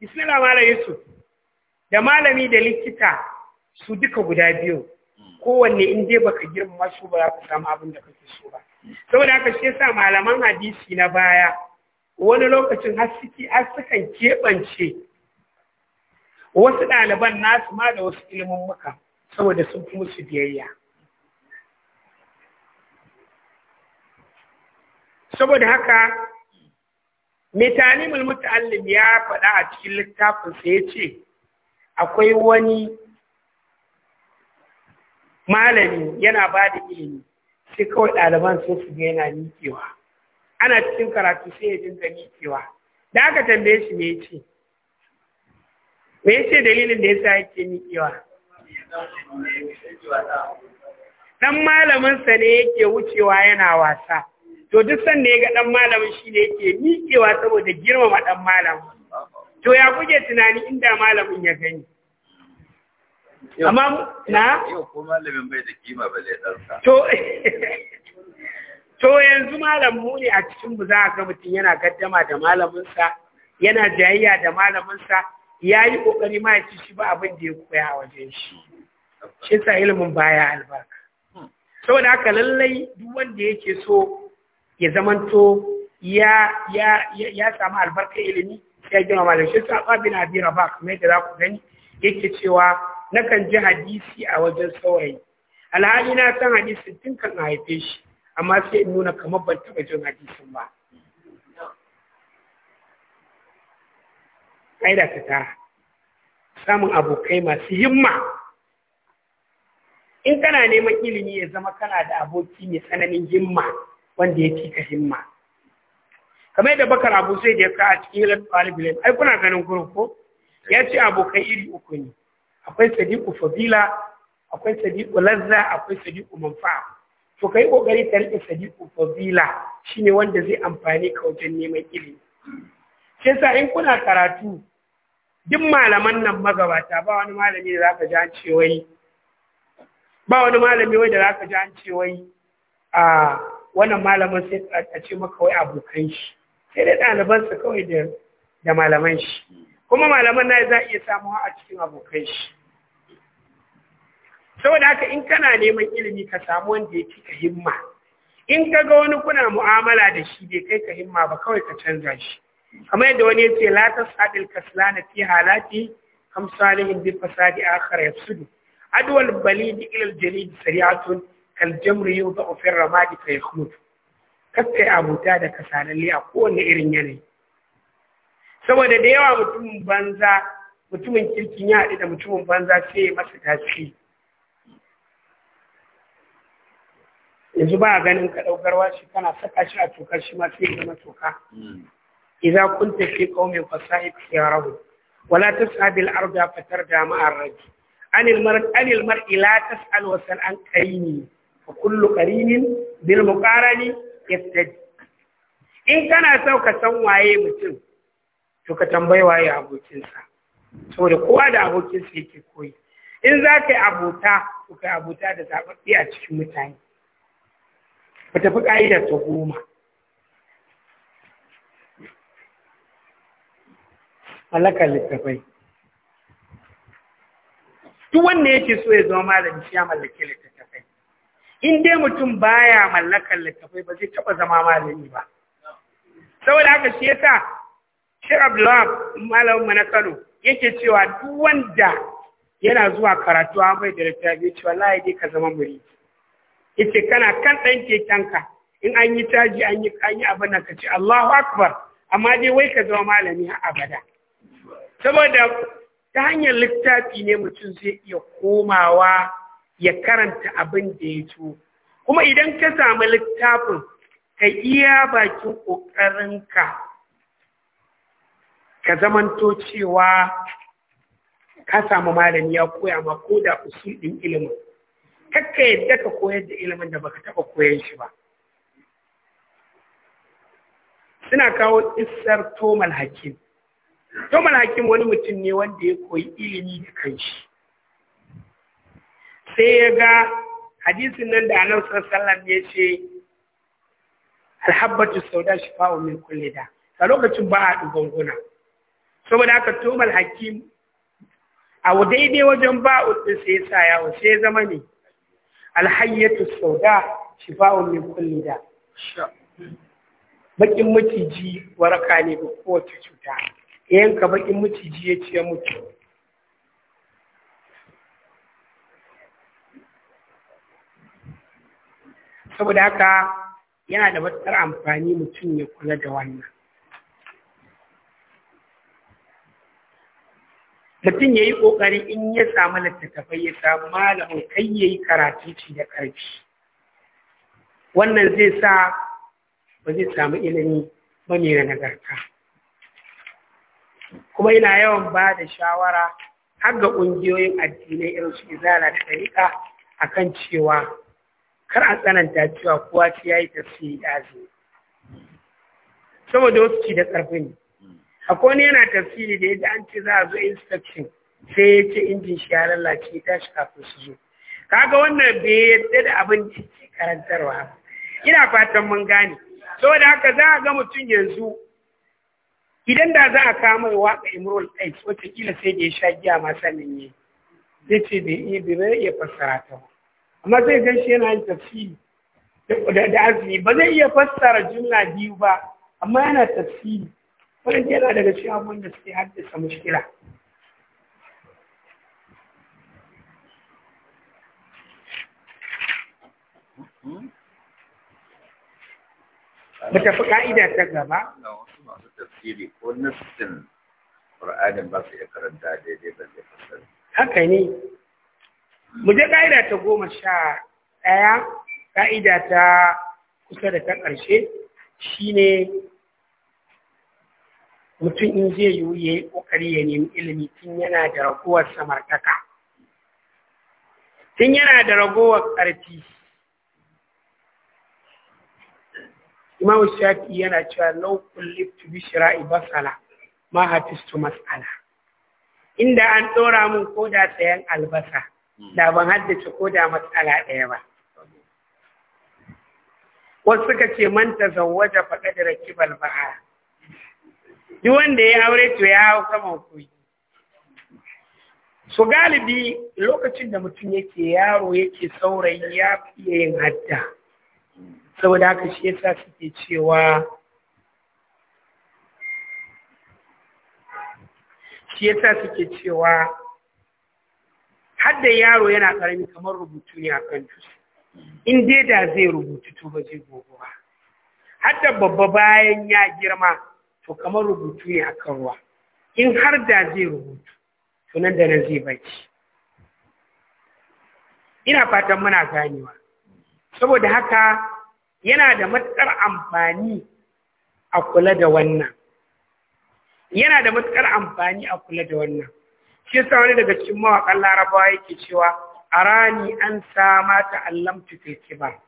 Speaker 2: bismillah malami su da malami da likita su duka guda biyu kowanne in dai baka girmama su ba za ka samu abin da kake so ba saboda haka shi yasa malaman hadisi na baya wani lokacin har suke har sukan keɓance wasu ɗaliban nasu ma da wasu ilimin muka saboda sun fi musu biyayya saboda haka metani tanimul muta'allim ya faɗa a cikin littafinsa ya ce, akwai wani malami yana ba da ilimi sai kawai ɗaliban sun su ga yana miƙewa ana cikin karatu sai ya dinga nikewa da aka tambaye shi me yace me ce dalilin da ya sa yake miƙewa dan malaminsa sa ne yake wucewa yana wasa to duk sanda ya ga ɗan malamin shi ne yake miƙewa saboda girmama ɗan malamin to ya kuke tunani inda malamin ya gani
Speaker 1: amma na yau ko malamin bai da kima ba zai
Speaker 2: to yanzu malam mu ne a cikin mu za a ga mutum yana gaddama da malaminsa yana jayayya da malaminsa ya yi ƙoƙari ma ya ci shi ba abin da ya koya a wajen shi shi sa ilimin baya albarka hmm. saboda haka lallai duk wanda yake so ya zamanto ya ya ya samu albarkar ilimi ya gina malam shi ta bin abi ba kamar da za ku gani yake cewa na kan ji hadisi a wajen saurayi alhali na san hadisi tun kan haife shi amma sai in nuna kamar ban taɓa jin hadisin ba ƙaida ta tara samun abokai masu himma in kana neman ilimi ya zama kana da aboki mai tsananin himma wanda ya ci himma kamar da bakar abu sai da ya ka a cikin hilar ɗalibin ai kuna ganin gurin ko ya ce abokai iri uku ne akwai sadiku fadila akwai sadiku lazza akwai sadiku manfa'a to kai kokari ka rike sadiku fadila shine wanda zai amfani ka wajen neman ilimi sai sa in kuna karatu duk malaman nan magabata ba wani malami da zaka ji an ce wai ba wani malami wai da zaka ji an ce wai a wannan malamin sai a ce maka wai abokan shi sai dai ɗalibansa kawai da malaman shi kuma malaman na za a iya samuwa a cikin abokan shi saboda haka in kana neman ilimi ka samu wanda ya ka himma in ka ga wani kuna mu'amala da shi bai kai ka himma ba kawai ka canza shi kamar yadda wani ya latas, la kasla na fi halati kam salihin bi fasadi akhar yafsudu adwal balidi ila al jalid sari'atun kaljamru yau da ofin ramadi fa yakhlut kakkai abuta da kasanalli a kowane irin yanayi saboda da yawa mutumin banza mutumin kirkin ya haɗu da mutumin banza sai ya masa tasiri yanzu ba a ganin ka ɗaukarwa shi kana saka shi a tokar shi ma sai zama toka idza kunta fi qaumin fasahib ya rabu wala ta sabil arda fatar da ar rabi. anil mar anil mar'i la tas'al wa sal an fa kullu qarinin bil muqarani yastaji in kana so ka san waye mutum to ka tambayi waye abokinsa saboda kowa da abokinsa yake koyi in za ka yi abota to yi abota da zaɓaɓɓe a cikin mutane ba tafi ƙa'idar ta goma
Speaker 3: halakar littafai
Speaker 2: duk wanda yake so ya zama malami ya mallaki littattafai in dai mutum baya mallakar littafai ba zai taɓa zama malami ba saboda haka shi yasa shi abdullahi malamin mu na kano yake cewa duk wanda yana zuwa karatu a bai da littafi ce wallahi dai ka zama muri yace kana kan dan kekenka in an yi taji an yi an yi abin nan ka ce Allahu akbar amma dai wai ka zama malami har abada saboda ta hanyar littafi ne mutum zai iya komawa ya karanta abin da ya ci kuma idan ka samu littafin ka iya bakin ƙoƙarinka ka zamanto cewa ka samu malami ya koya ma ko da usul ɗin ilimin kakka yadda ka koyar da ilimin da baka taɓa koyan shi ba suna kawo isar tomal hakim tomal hakim wani mutum ne wanda ya koyi ilimi da kanshi sai ya ga hadisin nan da annabi sallallahu ya ce alhabbatu sauda shifa'u min kulli da a lokacin ba a dubanguna saboda haka tumal hakim a daidai wajen ba din sai sa yawo sai zama ne alhayyatu sauda shifa'u min kulli da bakin maciji waraka ne ga kowace cuta yanka bakin maciji ya ce mutu saboda haka yana da matsar amfani mutum ya kula da wannan mutum ya yi ƙoƙari in ya samu littattafai ya samu malamin kai ya yi karatu ci da ƙarfi wannan zai sa ba zai samu ilimi ba mai na nagarta kuma ina yawan ba da shawara har ga ƙungiyoyin addinai irin su izala da ɗariƙa kan cewa kar a tsananta cewa kowa ce ya yi tafsiri da azumi saboda wasu ci da ƙarfi ne akwai wani yana tafsiri da yadda an ce za a zo inspection sai ya ce injin shi ya lalace ta shi kafin su zo kaga wannan bai yadda da abin da karantarwa ina fatan mun gane saboda haka za a ga mutum yanzu idan da za a kama mai waka imrol qais wata kila sai da ya sha giya ma sanin ne zai ce bai iya bai ya fassara ta ba amma zai gan shi yana tafsiri da azumi ba zai iya fassara jumla biyu ba amma yana
Speaker 3: tafsiri wannan yana daga cikin
Speaker 2: abubuwan da suke haddasa mushkila
Speaker 3: Mu fi ka'ida ta gaba?
Speaker 1: Wasu masu tafsiri ko nassin Ƙur'anin ba su iya karanta daidai ba zai fassara.
Speaker 2: Haka ne, mu je ƙa'ida ta goma sha ɗaya ƙa'ida ta kusa da ta ƙarshe ne mutum in zai yi ya yi ya nemi ilimi tun yana da ragowar samartaka tun yana da ragowar ƙarfi imamu shafi yana cewa lau Liftu bi shira'i basala ma hatistu mas'ala inda an ɗora mun ko da sayan albasa da ban haddace ko da matsala ɗaya ba wasu suka ce manta man faɗa da rakibal ba'a. duk wanda ya aure to ya hau saman koyi Su galibi lokacin da mutum yake yaro yake saurayi ya fiye yin hadda saboda haka shi yasa suke cewa shi yasa suke cewa hadda yaro yana karami kamar rubutu ne akan dutse in dai da zai rubutu to ba zai gogo ba hadda babba bayan ya girma to kamar rubutu ne akan ruwa in har da zai rubutu to nan da nan zai baci ina fatan muna ganewa saboda haka yana da matukar amfani a kula da wannan yana da matuƙar amfani a kula da wannan kisa wani daga cikin mawaƙan larabawa yake cewa a rani an sa ma kiba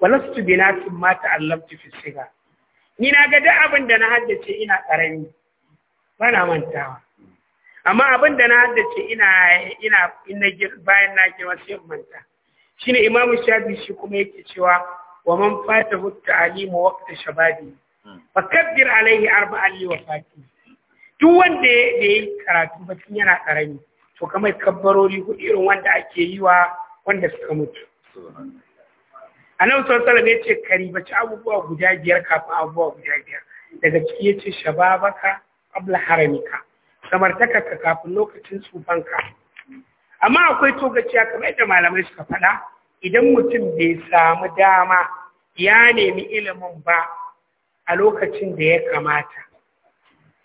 Speaker 2: wala su wa na binatin mata ta'allamtu fil sigar ni na ga duk abin da na haddace ina karami bana mantawa amma abin da na haddace ina ina ina bayan na wasu yin manta shine imamu shafi shi kuma yake cewa wa man fatahu ta'limu waqta shababi fakabbir alaihi arba'a li wafatihi duk wanda ya yi karatu ba cikin yana karami to kamar kabbarori ko irin wanda ake yi wa wanda suka mutu A annabi sallallahu alaihi ya ce kari bace abubuwa guda biyar kafin abubuwa guda biyar daga ciki ya ce shababaka qabla haramika samartaka ka kafin lokacin tsufanka amma akwai togaciya kamar yadda malamai suka faɗa idan mutum bai samu dama ya nemi ilimin ba a lokacin da ya kamata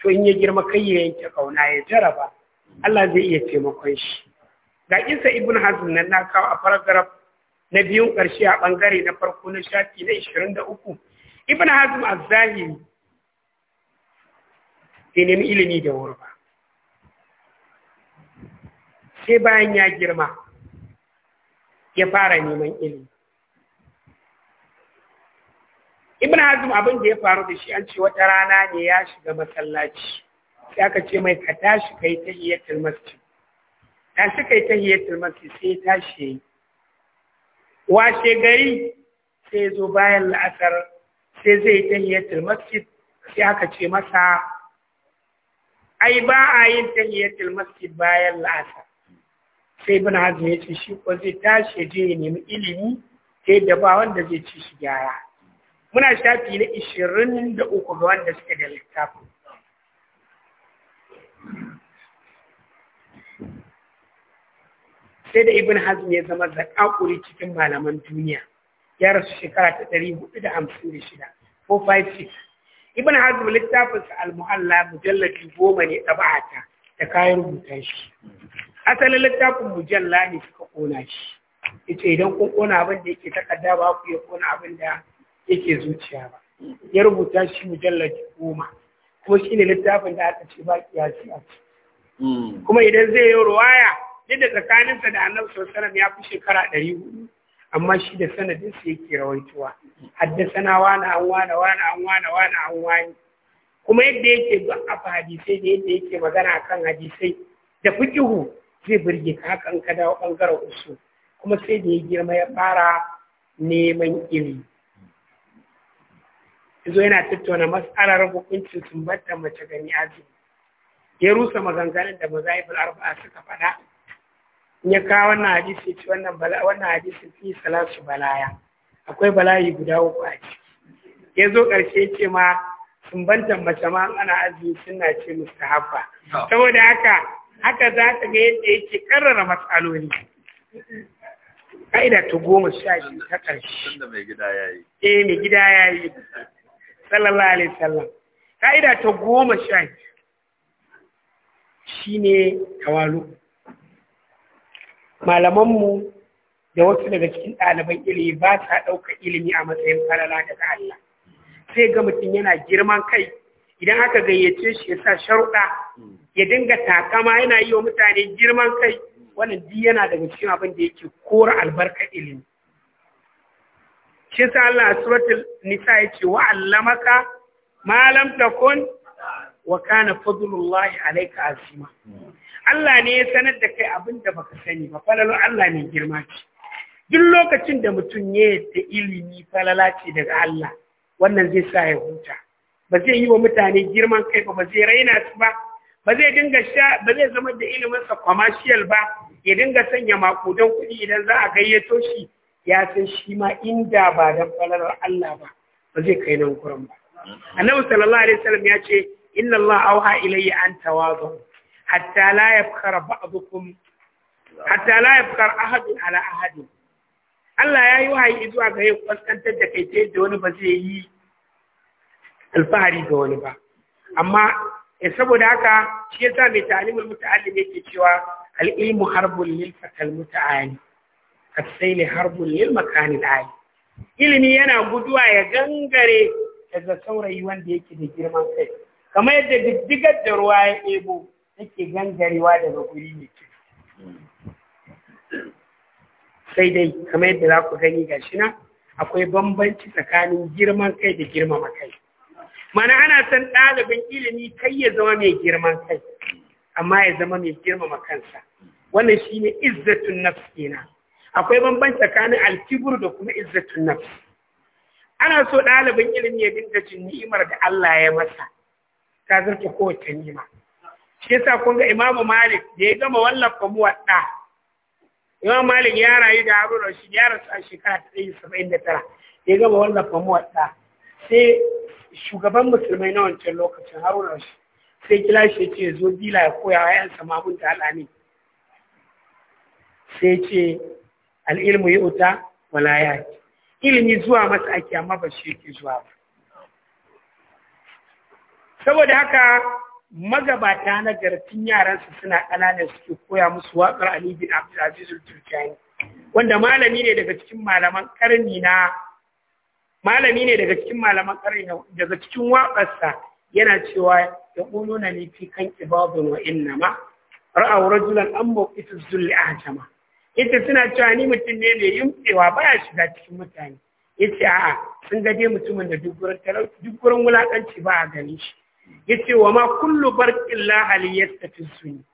Speaker 2: to in ya girma kai ya yanke kauna ya jaraba Allah zai iya taimakon shi ga isa ibn hazm nan na kawo a paragraph na biyun ƙarshe a ɓangare na farko na shafi na 23 ibn hazm az-zahiri ke nemi ilimi da wuri ba sai bayan ya girma ya fara neman ilimi ibn hazm abin da ya faru da shi an ce wata rana ne ya shiga masallaci sai aka ce mai ka tashi kai tahiyatul masjid tashi kai tahiyatul masjid sai tashi yi. washe gari sai zo bayan la'asar sai zai ta tahiyatul masjid sai aka ce masa ai ba a yin tahiyatul masjid bayan la'asar sai ibn hazm ya ce shi ko zai tashi je ya nemi ilimi ta yadda ba wanda zai ci shi gyara muna shafi na 23 ga wanda suke da littafin sai da ibn hazm ya zama zakakuri cikin malaman duniya ya rasu shekara ta 456 456 ibn hazm littafinsa al-muhalla mujallati goma ne ta da kayan rubuta shi asalin littafin mujalla ne suka kona shi ita idan kun kona abin da yake takarda ba ku ya kona abin da yake zuciya ba ya rubuta shi mujallar goma kuma shi ne littafin da aka ce ba kiyasi a hmm. kuma idan zai yi ruwaya yadda tsakaninsa da annabi sallallahu ya fi shekara ɗari hudu amma shi da sanadin su yake rawaituwa haddasana wani an wani wani an wani wani an wani kuma yadda yake ba hadisai da yadda yake magana akan hadisai da fikihu zai birge ka hakan ka dawo bangaren usu kuma sai da ya girma ya fara neman ilimi yanzu yana tattauna mas'alar hukuncin sumbatar mace ga mi'azi ya rusa maganganun da mazahibul arba'a suka faɗa ya kawo wannan hadisi ci wannan bala wannan hadisi fi salasu balaya akwai balayi guda uku a ciki ya zo ƙarshe ce ma sumbantar mace ma ana azumi suna ce mustahabba saboda haka haka za ka ga yadda yake karrara matsaloli
Speaker 1: Ka'ida ta goma sha biyu ta ƙarshe.
Speaker 2: Eh mai gida ya yi. sallallahu alaihi wasallam ka'ida ta goma sha shine tawalu malamanmu da wasu daga cikin ɗaliban ilimi ba sa ɗaukar ilimi a matsayin falala daga Allah sai ga mutum yana girman kai idan aka gayyace shi ya sa sharuɗa ya dinga takama yana yi wa mutane girman kai wannan duk yana daga cikin abin da yake kora albarkar ilimi shi sa Allah a suratul nisa ya ce wa allamaka ma lam takun wa kana fadlullahi alayka azima Allah ne ya sanar da kai abinda baka sani ba falalun Allah ne girma ce duk lokacin da mutum ya yadda ilimi falala ce daga Allah wannan zai sa ya huta ba zai yi wa mutane girman kai ba ba zai raina su ba ba zai dinga sha ba zai zama da sa commercial ba ya dinga sanya makudan kuɗi idan za a gayyato shi ya san shi ma inda ba da falalar Allah ba ba zai kai nan gurin ba annabi sallallahu alaihi wasallam ya ce inna Allah auha ilayya an tawadu hatta la yafkhara ba'dukum hatta la yafkhar ahad ala ahad Allah ya yi wahayi zuwa ga yau kwaskantar da kai da da wani ba zai yi alfahari ga wani ba. Amma eh, saboda haka shi yasa mai ta'alimul muta'allim yake cewa al-ilmu harbun lil fatal muta'allim. kasaili harbun lil makanil ali ilimi yana guduwa ya gangare daga saurayi wanda yake da girman kai kamar yadda diddigar da ruwa ya ɗebo yake gangarewa daga guri ne sai dai kamar yadda za ku gani ga shi akwai bambanci tsakanin girman kai da girmama kai mana ana san ɗalibin ilimi kai ya zama mai girman kai amma ya zama mai girmama kansa wannan shine izzatun nafs kenan akwai bambanci tsakanin alkibru da kuma izzatun nafs ana so ɗalibin ilimi ya dinga jin ni'imar da Allah ya masa ta zarta kowace ni'ima shi yasa kun ga Imam Malik da ya gama wallafa mu wadda Imam Malik ya rayu da Harun Rashid ya rasu a shekara ta tara, ya gama wallafa mu wadda sai shugaban musulmai na wancan lokacin Harun shi, sai kila shi ce zo bila ya koya wa yansa mabunta da ne, sai ce al'ilmu yi uta wala ya ilimi zuwa masu ake amma ba shi yake zuwa ba saboda haka magabata na garfin yaransu suna ƙananan suke koya musu waƙar Ali da Abdulaziz Turkiyani wanda malami ne daga cikin malaman karni na malami ne daga cikin malaman karni na daga cikin waƙarsa yana cewa ya ƙuno na ne fi kan kibabun wa inna ma ra'aw rajulan an mawqitu zulli hajjama ita suna cewa ni mutum ne mai yimtsewa ya shiga cikin mutane Ya ce a'a sun gaje mutumin da duk gurin wulakanci ba a gani shi Ya ce wa ma kullu barqin la aliyatatu sunni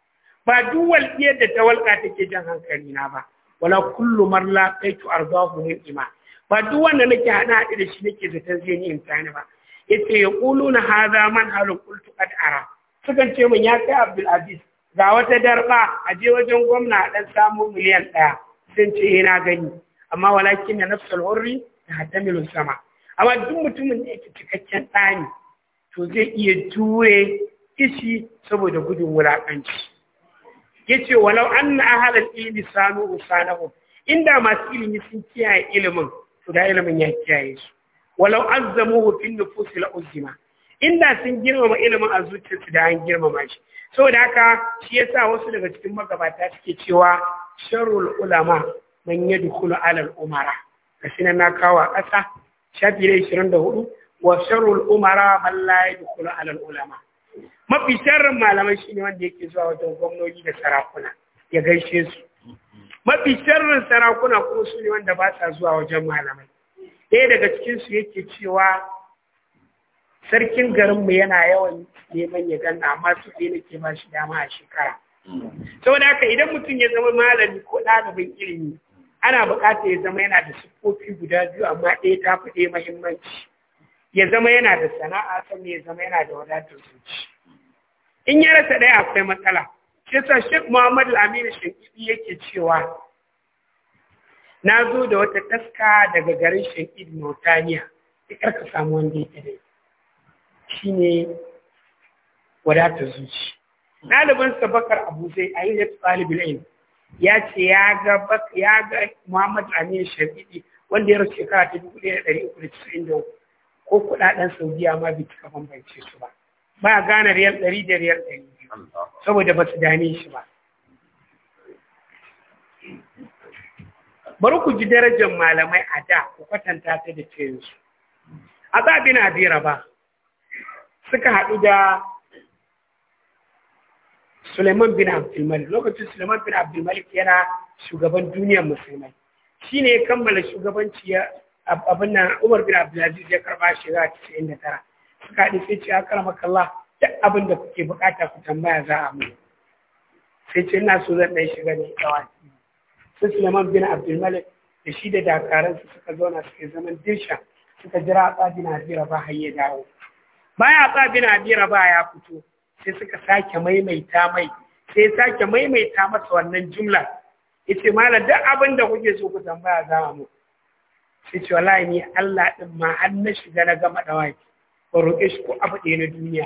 Speaker 2: ba duwal iya da ta walƙa take jan hankali na ba wala kullu marla kaitu ardahu min ima ba duk wanda nake hada hadi da shi nake zaton zai ni imtani ba yace yaquluna hadha man halu qultu qad ara sukan ce min ya kai abdul aziz ga wata darba a je wajen gwamna a ɗan samu miliyan ɗaya sun ce yana eh, gani amma walakin na nafsul hurri da hatamilu sama amma duk mutumin da yake cikakken ɗani to zai iya jure kishi saboda gudun wulaƙanci yace walau anna ahlal ilmi sanu usanahu inda masu ilimi sun kiyaye ilimin to da ilimin ya kiyaye su walau azzamuhu fil nufusi la uzima inda sun girmama ilimin a zuciyarsu da an girmama shi saboda haka shi ya sa wasu daga cikin magabata suke cewa sharul ulama man dukulu alal umara gashi shi na kawo a ƙasa shafi da 24 wa sharul umara man la yadkhulu alal ulama mafi sharrin malamai ne wanda yake zuwa wajen gwamnoni da sarakuna ya gaishe su mafi sharrin sarakuna kuma su ne wanda ba sa zuwa wajen malamai ɗaya daga cikinsu yake cewa sarkin garinmu yana yawan neman ya ganna amma su ɗaya nake ba shi dama a shekara saboda haka idan mutum ya zama malami ko ɗalibin ilimi ana buƙatar ya zama yana da siffofi guda biyu amma ɗaya ta fi ɗaya muhimmanci ya zama yana da sana'a sannan ya zama yana da wadatar zuci in ya rasa ɗaya akwai matsala shi sa Sheikh Muhammad Aminu Shankidi yake cewa na zo da wata taska daga garin Shankidi Mauritania sai ka samu wanda yake da shine wadatar zuci ɗaliban sa bakar abu zai a yi ɗalibin ilmi ya ce ya ga ya ga Muhammad Amin Shabidi wanda ya rasu shekara ta dubu ɗaya da ɗari uku da cikin da ko kuɗaɗen Saudiya ma bai cika bambance su ba. Ba gane riyal ɗari da riyal
Speaker 3: ɗari biyu saboda ba su dame shi
Speaker 2: ba. Bari ku ji darajar malamai a da ku kwatanta ta da ta yanzu. A zaɓi na bera ba. suka haɗu da Suleiman bin Abdulmalik lokacin Suleiman bin Abdulmalik yana shugaban duniyar musulmai shi ne ya kammala shugabanci ya abin nan Umar bin Abdulaziz ya karba shekara 99 suka haɗu sai ce akara makalla duk abin da kuke bukata ku tambaya za a mai sai ce ina so zan ɗan shiga ne dawaki sai Suleiman bin Abdulmalik da shi da dakaransu suka zauna suke zaman dirsha suka jira a na hajjira ba har ya dawo baya sa bin abira ba ya fito sai suka sake maimaita mai sai sake maimaita masa wannan jumla yace mallan duk abin da kuke so ku tambaya za mu shi ce wallahi ni Allah din ma har na shiga na gama dawaki ba roƙe shi ko abu ɗaya na duniya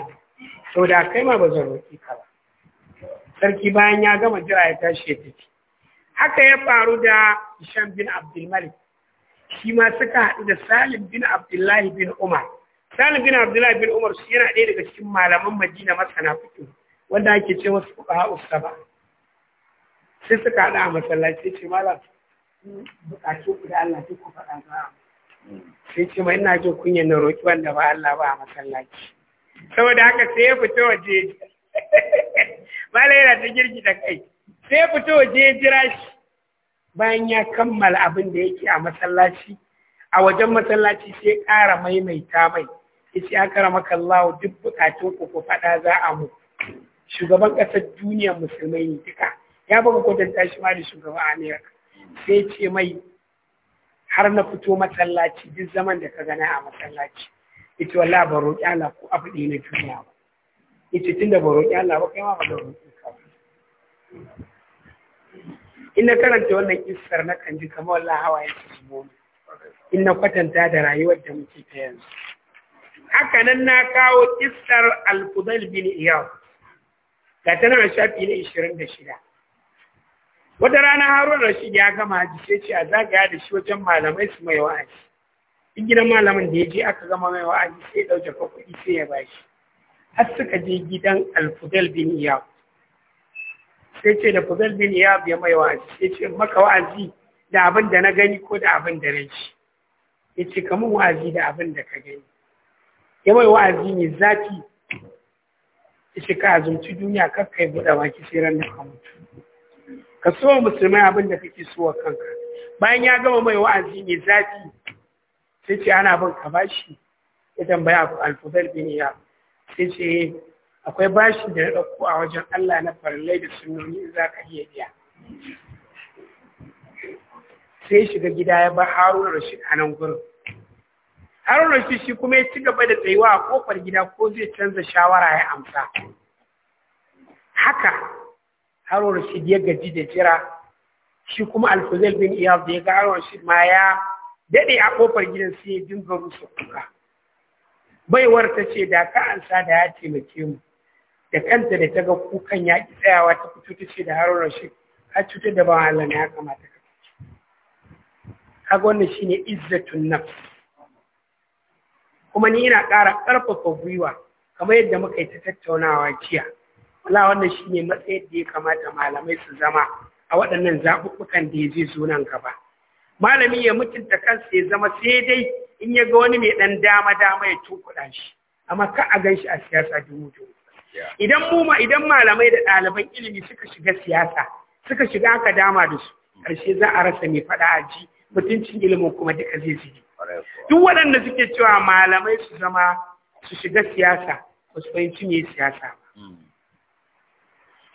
Speaker 2: saboda kai ma ba zan roƙi ka ba sarki bayan ya gama jira ya tashi ya tafi haka ya faru da Hisham bin Abdul Malik shi ma suka haɗu da Salim bin Abdullahi bin Umar Salim bin Abdullahi bin Umar shi yana ɗaya daga cikin malaman Madina masana fito wanda ake ce wasu fuka ha ba. Sai suka haɗa a masallaci ce malam bukatu ku da Allah duk ku faɗa ba. Sai ce ma ina jin kunya na roƙi wanda ba Allah ba a masallaci. Saboda haka sai ya fito waje. Malam yana ta da kai. Sai ya fito waje ya jira shi. Bayan ya kammala abin da yake a masallaci, a wajen masallaci sai ƙara maimaita mai. kara maka Allah duk bukatun ku ku faɗa za a mu shugaban ƙasar duniyar musulmai ne duka ya buga kwatanta shi ma da shugaban Amerika sai ce mai har na fito masallaci duk zaman da ka gana a
Speaker 3: masallaci
Speaker 2: ita wallahi ba roƙi Allah ko abu ɗaya na duniya ba ita tunda ba roƙi Allah ba kai
Speaker 3: ma ba roƙi ka
Speaker 2: in karanta wannan kissar na kanji kamar wallahi hawaye su zubo ina kwatanta da rayuwar da muke ta yanzu haka nan na kawo kistar alfuzal bin iyaw. ga tana shafi na 26 wata rana harun rashid ya gama haji sai ce a zagaya da shi wajen malamai su mai wa'azi in gidan malamin da ya je aka gama mai wa'azi sai ɗauke ka kuɗi sai ya bashi har suka je gidan alfuzal bin iyaw? sai ce da fuzal bin iyaw ya mai wa'azi sai ce maka wa'azi da abin da na gani ko da abin da na ji ya ce kamun wa'azi da abin da ka gani ya mai wa'azi mai zafi shi ka azumci duniya kar kai buɗe baki sai ran da ka mutu ka so musulmai abin da kake so wa kanka bayan ya gama mai wa'azi ne zafi sai ce ana bin ka bashi ya tambaya ku bin biniya sai ce akwai bashi da na ɗauko a wajen Allah na farallai da sunoni za ka iya biya sai shiga gida ya ba haruna rashid a nan gurin harun rashid shi kuma ya ci gaba da tsayuwa a kofar gida ko zai canza shawara ya amsa haka harun rashid ya gaji da jira shi kuma alfuzel bin iyaz da ya ga harun rashid ma ya daɗe a kofar gidan sai ya dinga rusa kuka baiwar ta ce da ka ansa da ya taimake mu da kanta da ta ga kukan ya ƙi tsayawa ta fito ta ce da harun rashid ka cutar da ba Allah ne ya kamata ka kaga wannan shine izzatun nafsi kuma ni ina ƙara ƙarfafa gwiwa kamar yadda muka yi ta tattaunawa jiya wala wannan shine matsayin da ya kamata malamai su zama a waɗannan zaɓuɓɓukan da ya je zo nan gaba malami ya mutunta kansa ya zama sai dai in ya ga wani mai ɗan dama dama ya tukuɗa shi amma ka a gan a siyasa dubu dubu idan mu idan malamai da ɗaliban ilimi suka shiga siyasa suka shiga aka dama da su ƙarshe za a rasa mai faɗa a ji mutuncin ilimin kuma duka zai zige duk waɗanda suke cewa malamai su zama su shiga siyasa ba su fahimci me siyasa ba hmm.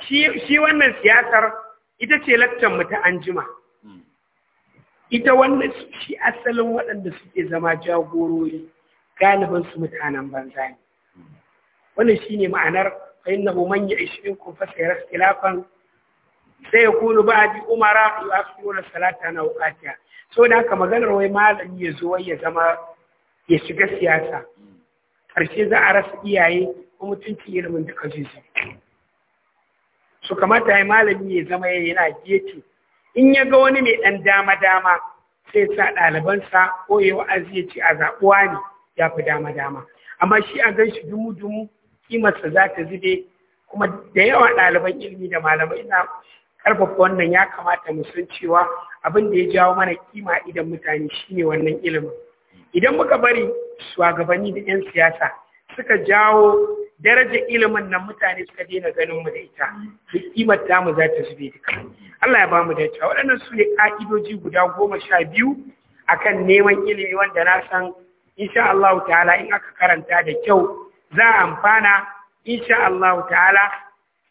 Speaker 2: shi wannan siyasar ita ce laccan mu ta anjima hmm. ita wannan shi asalin waɗanda suke zama jagorori galibin su mutanen banza ne hmm. wannan shine ma'anar fa ya man ya'ish minkum fa sayara ikhtilafan sayakunu ba'di umara yu'akhiruna salata na wukatiya. so da aka maganar wai malami ya zo ya zama ya shiga siyasa ƙarshe za a rasa iyaye ko mutunci ilimin da kaje su so kamata ya malami ya zama yana gefe in ya ga wani mai ɗan dama-dama sai sa ɗalibansa ko ya wa'azi ya ce a zaɓuwa ne ya fi dama-dama amma shi a gan shi dumu-dumu kimarsa za ta zube kuma da yawa ɗaliban ilimi da malamai na ƙarfafa wannan ya kamata mu san cewa abin da ya jawo mana kima idan mutane shine wannan ilimin idan muka bari shugabanni da 'yan siyasa suka jawo darajar ilimin nan mutane suka daina ganin mu da ita duk kimar mu za ta zube duka Allah ya bamu dace waɗannan su ne ka'idoji guda goma sha biyu akan neman ilimi wanda na san insha Allah ta'ala in aka karanta da kyau za a amfana insha Allah ta'ala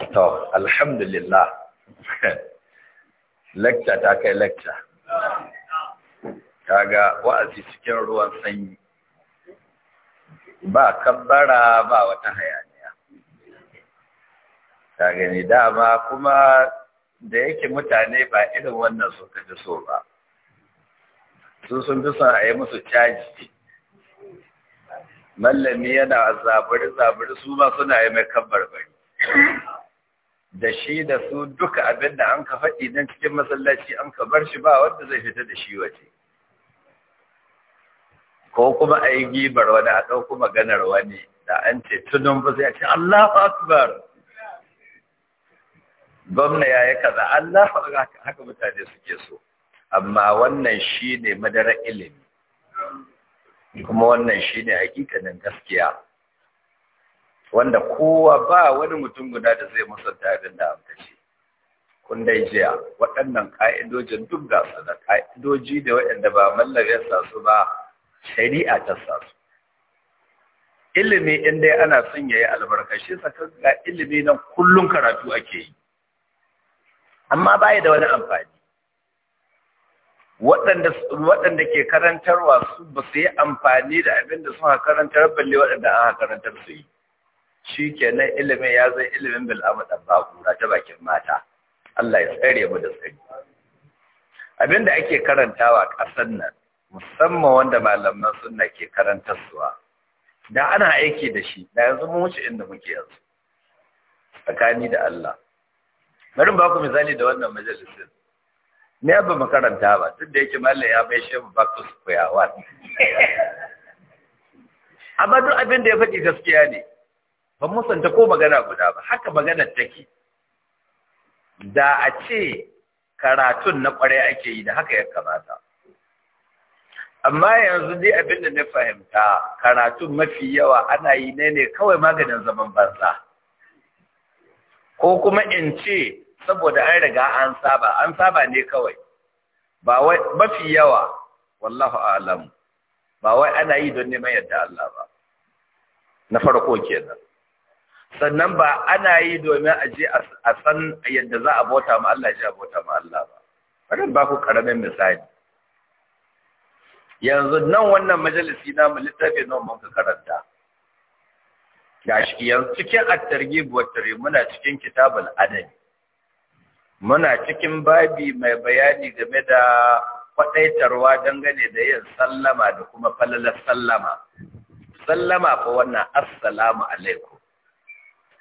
Speaker 1: to alhamdulillah lecture ta kai lecture kaga wa'azi cikin ruwan sanyi ba kabbara ba wata hayaniya ta gani dama kuma da yake mutane ba irin wannan suka ji so ba su sun fi son a yi musu caji mallami yana zaburi zaburi su ma suna yi mai kabbar bari da shi da su duka abinda da an ka faɗi don cikin masallaci an ka bar shi ba wanda zai fita da shi waje. ko kuma a yi gibar wani a ɗauku maganar wani da an ce tunan ba sai a ce Allahu Akbar gwamna ya yi kaza Allah haka mutane suke so amma wannan shi ne madarar ilimi kuma wannan shi ne hakikanin gaskiya wanda kowa ba wani mutum guda da zai musanta abin da aka ce kun dai jiya waɗannan ƙa'idojin duk ga su da ƙa'idoji da waɗanda ba mallar sa su ba shari'a ta sa su ilimi in dai ana son yi albarka shi saka ga ilimi nan kullum karatu ake yi amma ba da wani amfani waɗanda waɗanda ke karantarwa su ba su yi amfani da abin da suka karantar balle waɗanda aka karantar su yi shi kenan ilimin ya zai ilimin bil'amudan bakura ta bakin mata Allah ya tsare mu da tsari abinda ake karantawa ƙasar nan musamman wanda malaman sunna ke karantarsuwa da ana aiki da shi da yanzu mun wuce inda muke yanzu tsakani da Allah bari ba ku misali da wannan majalisin ne abin mu karanta ba duk da yake mallam ya bai shi back to su koyawa amma duk abin da ya faɗi gaskiya ne ban musanta ko magana guda ba haka maganar take da a ce karatun na kwarai ake yi da haka ya kamata amma yanzu dai abin da na fahimta karatun mafi yawa ana yi ne ne kawai maganin zaman banza ko kuma in ce saboda an riga an saba an saba ne kawai ba wai mafi yawa wallahu a'lam ba wai ana yi don neman yadda Allah ba na farko kenan sannan ba ana yi domin a je a san yadda za a bauta ma Allah a bauta ma Allah ba bari ba ku karamin misali yanzu nan wannan majalisi na mu littafi nan mun ka karanta gashi yanzu cikin at-targhib muna cikin kitabul adab muna cikin babi mai bayani game da kwadaitarwa dangane da yin sallama da kuma falalar sallama sallama fa wannan assalamu alaikum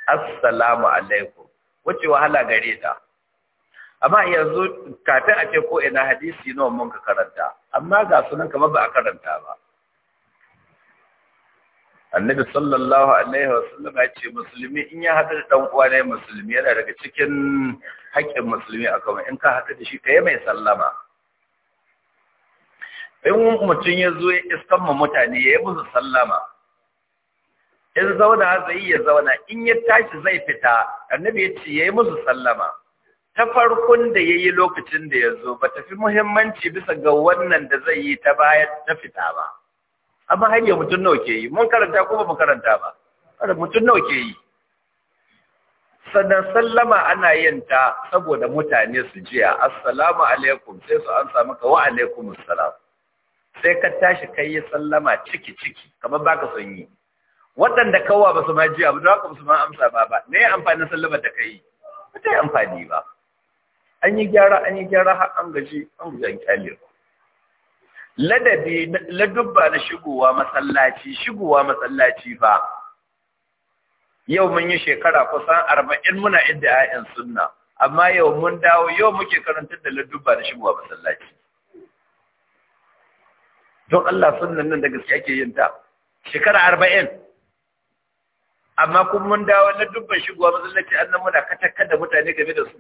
Speaker 1: assalamu alaikum wuce wahala gare ta amma yanzu kafin a ce ko ina hadisi nawa mun ka karanta amma ga sunan kamar ba a karanta ba annabi sallallahu alaihi wasallam ya ce musulmi in ya haɗu da ɗan uwa ne musulmi yana daga cikin haƙƙin musulmi a kawai in ka haɗu da shi ka yi mai sallama in mutum ya zo ya iskan ma mutane ya yi musu sallama in zauna zai ya zauna in ya tashi zai fita annabi ya ce yayi musu sallama ta farkon da yayi lokacin da ya zo ba tafi muhimmanci bisa ga wannan da zai yi ta baya ta fita ba amma har yau mutum nawa ke yi mun karanta ko ba mu karanta ba kada mutum nawa ke yi sannan sallama ana yin ta saboda mutane su jiya assalamu alaikum sai su amsa maka wa alaikum salam sai ka tashi kai sallama ciki ciki kamar baka son yi waɗanda kawwa ba su ma ji abu da su ma amsa ba ba ne amfani sallama da kai ba ta yi amfani ba an yi gyara an yi gyara har an gaji an guzan kyalir ladabi ladubba na shigowa masallaci shigowa masallaci ba. yau mun yi shekara kusan arba'in muna inda ayan sunna amma yau mun dawo yau muke karantar da ladubba na shigowa masallaci don Allah sunnan nan da gaske ake yin ta shekara arba'in amma kuma mun dawo na dubban shigowa masallaci annan muna katakkar da mutane game da su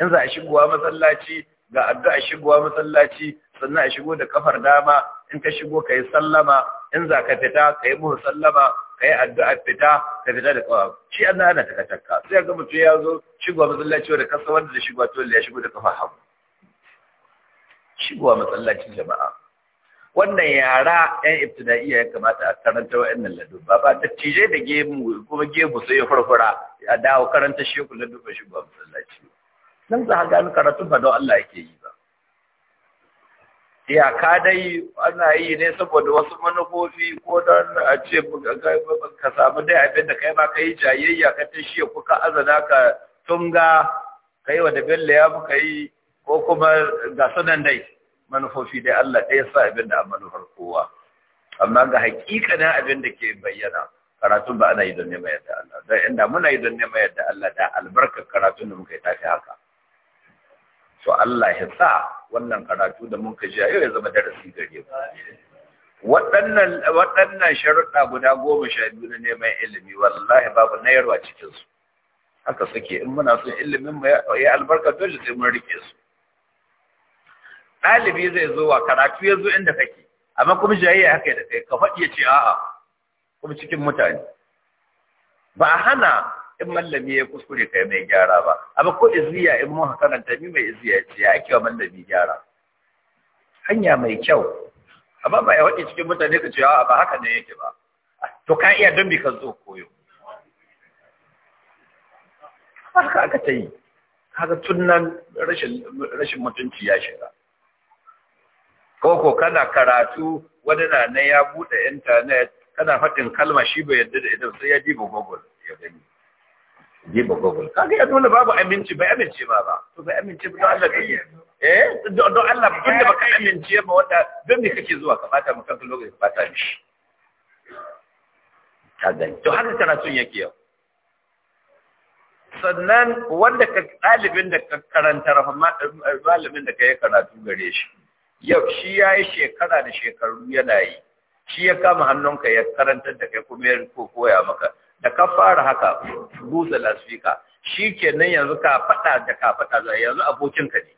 Speaker 1: in za a shigowa masallaci ga addu'a shigowa masallaci sannan a shigo da kafar dama in ka shigo ka sallama in za ka fita ka yi sallama ka addu'a fita ka fita da kafa shi an ana takatakka sai ga mutum ya zo shigowa masallaci da kasa wanda da shigowa to ya shigo da kafa hagu shigowa masallacin jama'a wannan yara yan ibtida'iyya ya kamata a karanta wa'annan ladu ba ba ta tije da gemu kuma gemu sai ya farfara ya dawo karanta sheku ladu ba shi ba masallaci nan za ga karatu ba don Allah yake yi ba iyaka dai ana yi ne saboda wasu manufofi ko don a ce ka samu dai abin da kai ba ka yi jayayya ka ta shi ku ka azana ka tunga ka yi wa da bella ya muka yi ko kuma ga sunan dai manufofi dai Allah ɗaya sa abin da a manufar kowa amma ga hakikanin abin da ke bayyana karatun ba ana yi don neman yadda Allah don inda muna yi don neman yadda Allah da albarkar karatun da muka yi tafi haka to Allah ya sa wannan karatu da muka ji yau ya zama darasi gare mu waɗannan waɗannan sharuɗa guda goma sha biyu na neman ilimi wallahi babu nayarwa cikinsu. haka suke in muna son ilimin mu ya albarka dole sai mun rike su ɗalibi zai zo wa karatu ya zo inda kake amma kuma jayayya haka da kai ka faɗi ya ce a'a kuma cikin mutane ba a hana in mallami ya kuskure kai mai gyara ba amma ko iziya in mun karanta ni mai iziya ce ya ake wa mallami gyara hanya mai kyau amma ba ya faɗi cikin mutane ka ce a'a ba haka ne yake ba to ka iya don bi ka zo koyo haka aka ta yi kaga tun nan rashin mutunci ya shiga ko ko kana karatu wani na na ya buɗe intanet kana faɗin kalma shi bai yadda da ita sai ya jiba google ya gani jiba google kaga ya dole babu aminci bai amince ba ba to bai amince ba don Allah kake eh don Allah tunda baka amince ba wanda don me kake zuwa ka fata maka lokaci ka fata mishi ka to haka karatun yake yau sannan wanda ka ɗalibin da ka karanta malamin da ka yi karatu gare shi yau shi ya yi shekara da shekaru yana yi shi ya kama hannunka ya karanta da kai kuma ya ko koya maka da ka fara haka rusa lasfika shi ke nan yanzu ka faɗa da ka faɗa da yanzu abokinka ne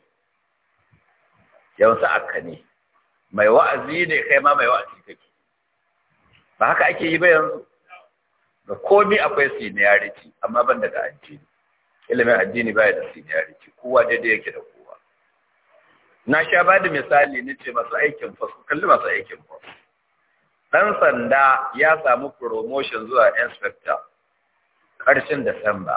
Speaker 1: yanzu akka ne mai wa'azi ne kai ma mai wa'azi kake ba haka ake yi ba yanzu da komi akwai seniority amma ban daga addini ilimin addini baya da seniority kowa daidai yake da ku na sha ba da misali na ce masu aikin fas kalli masu aikin fas ɗan sanda ya samu promotion zuwa inspector ƙarshen Disamba.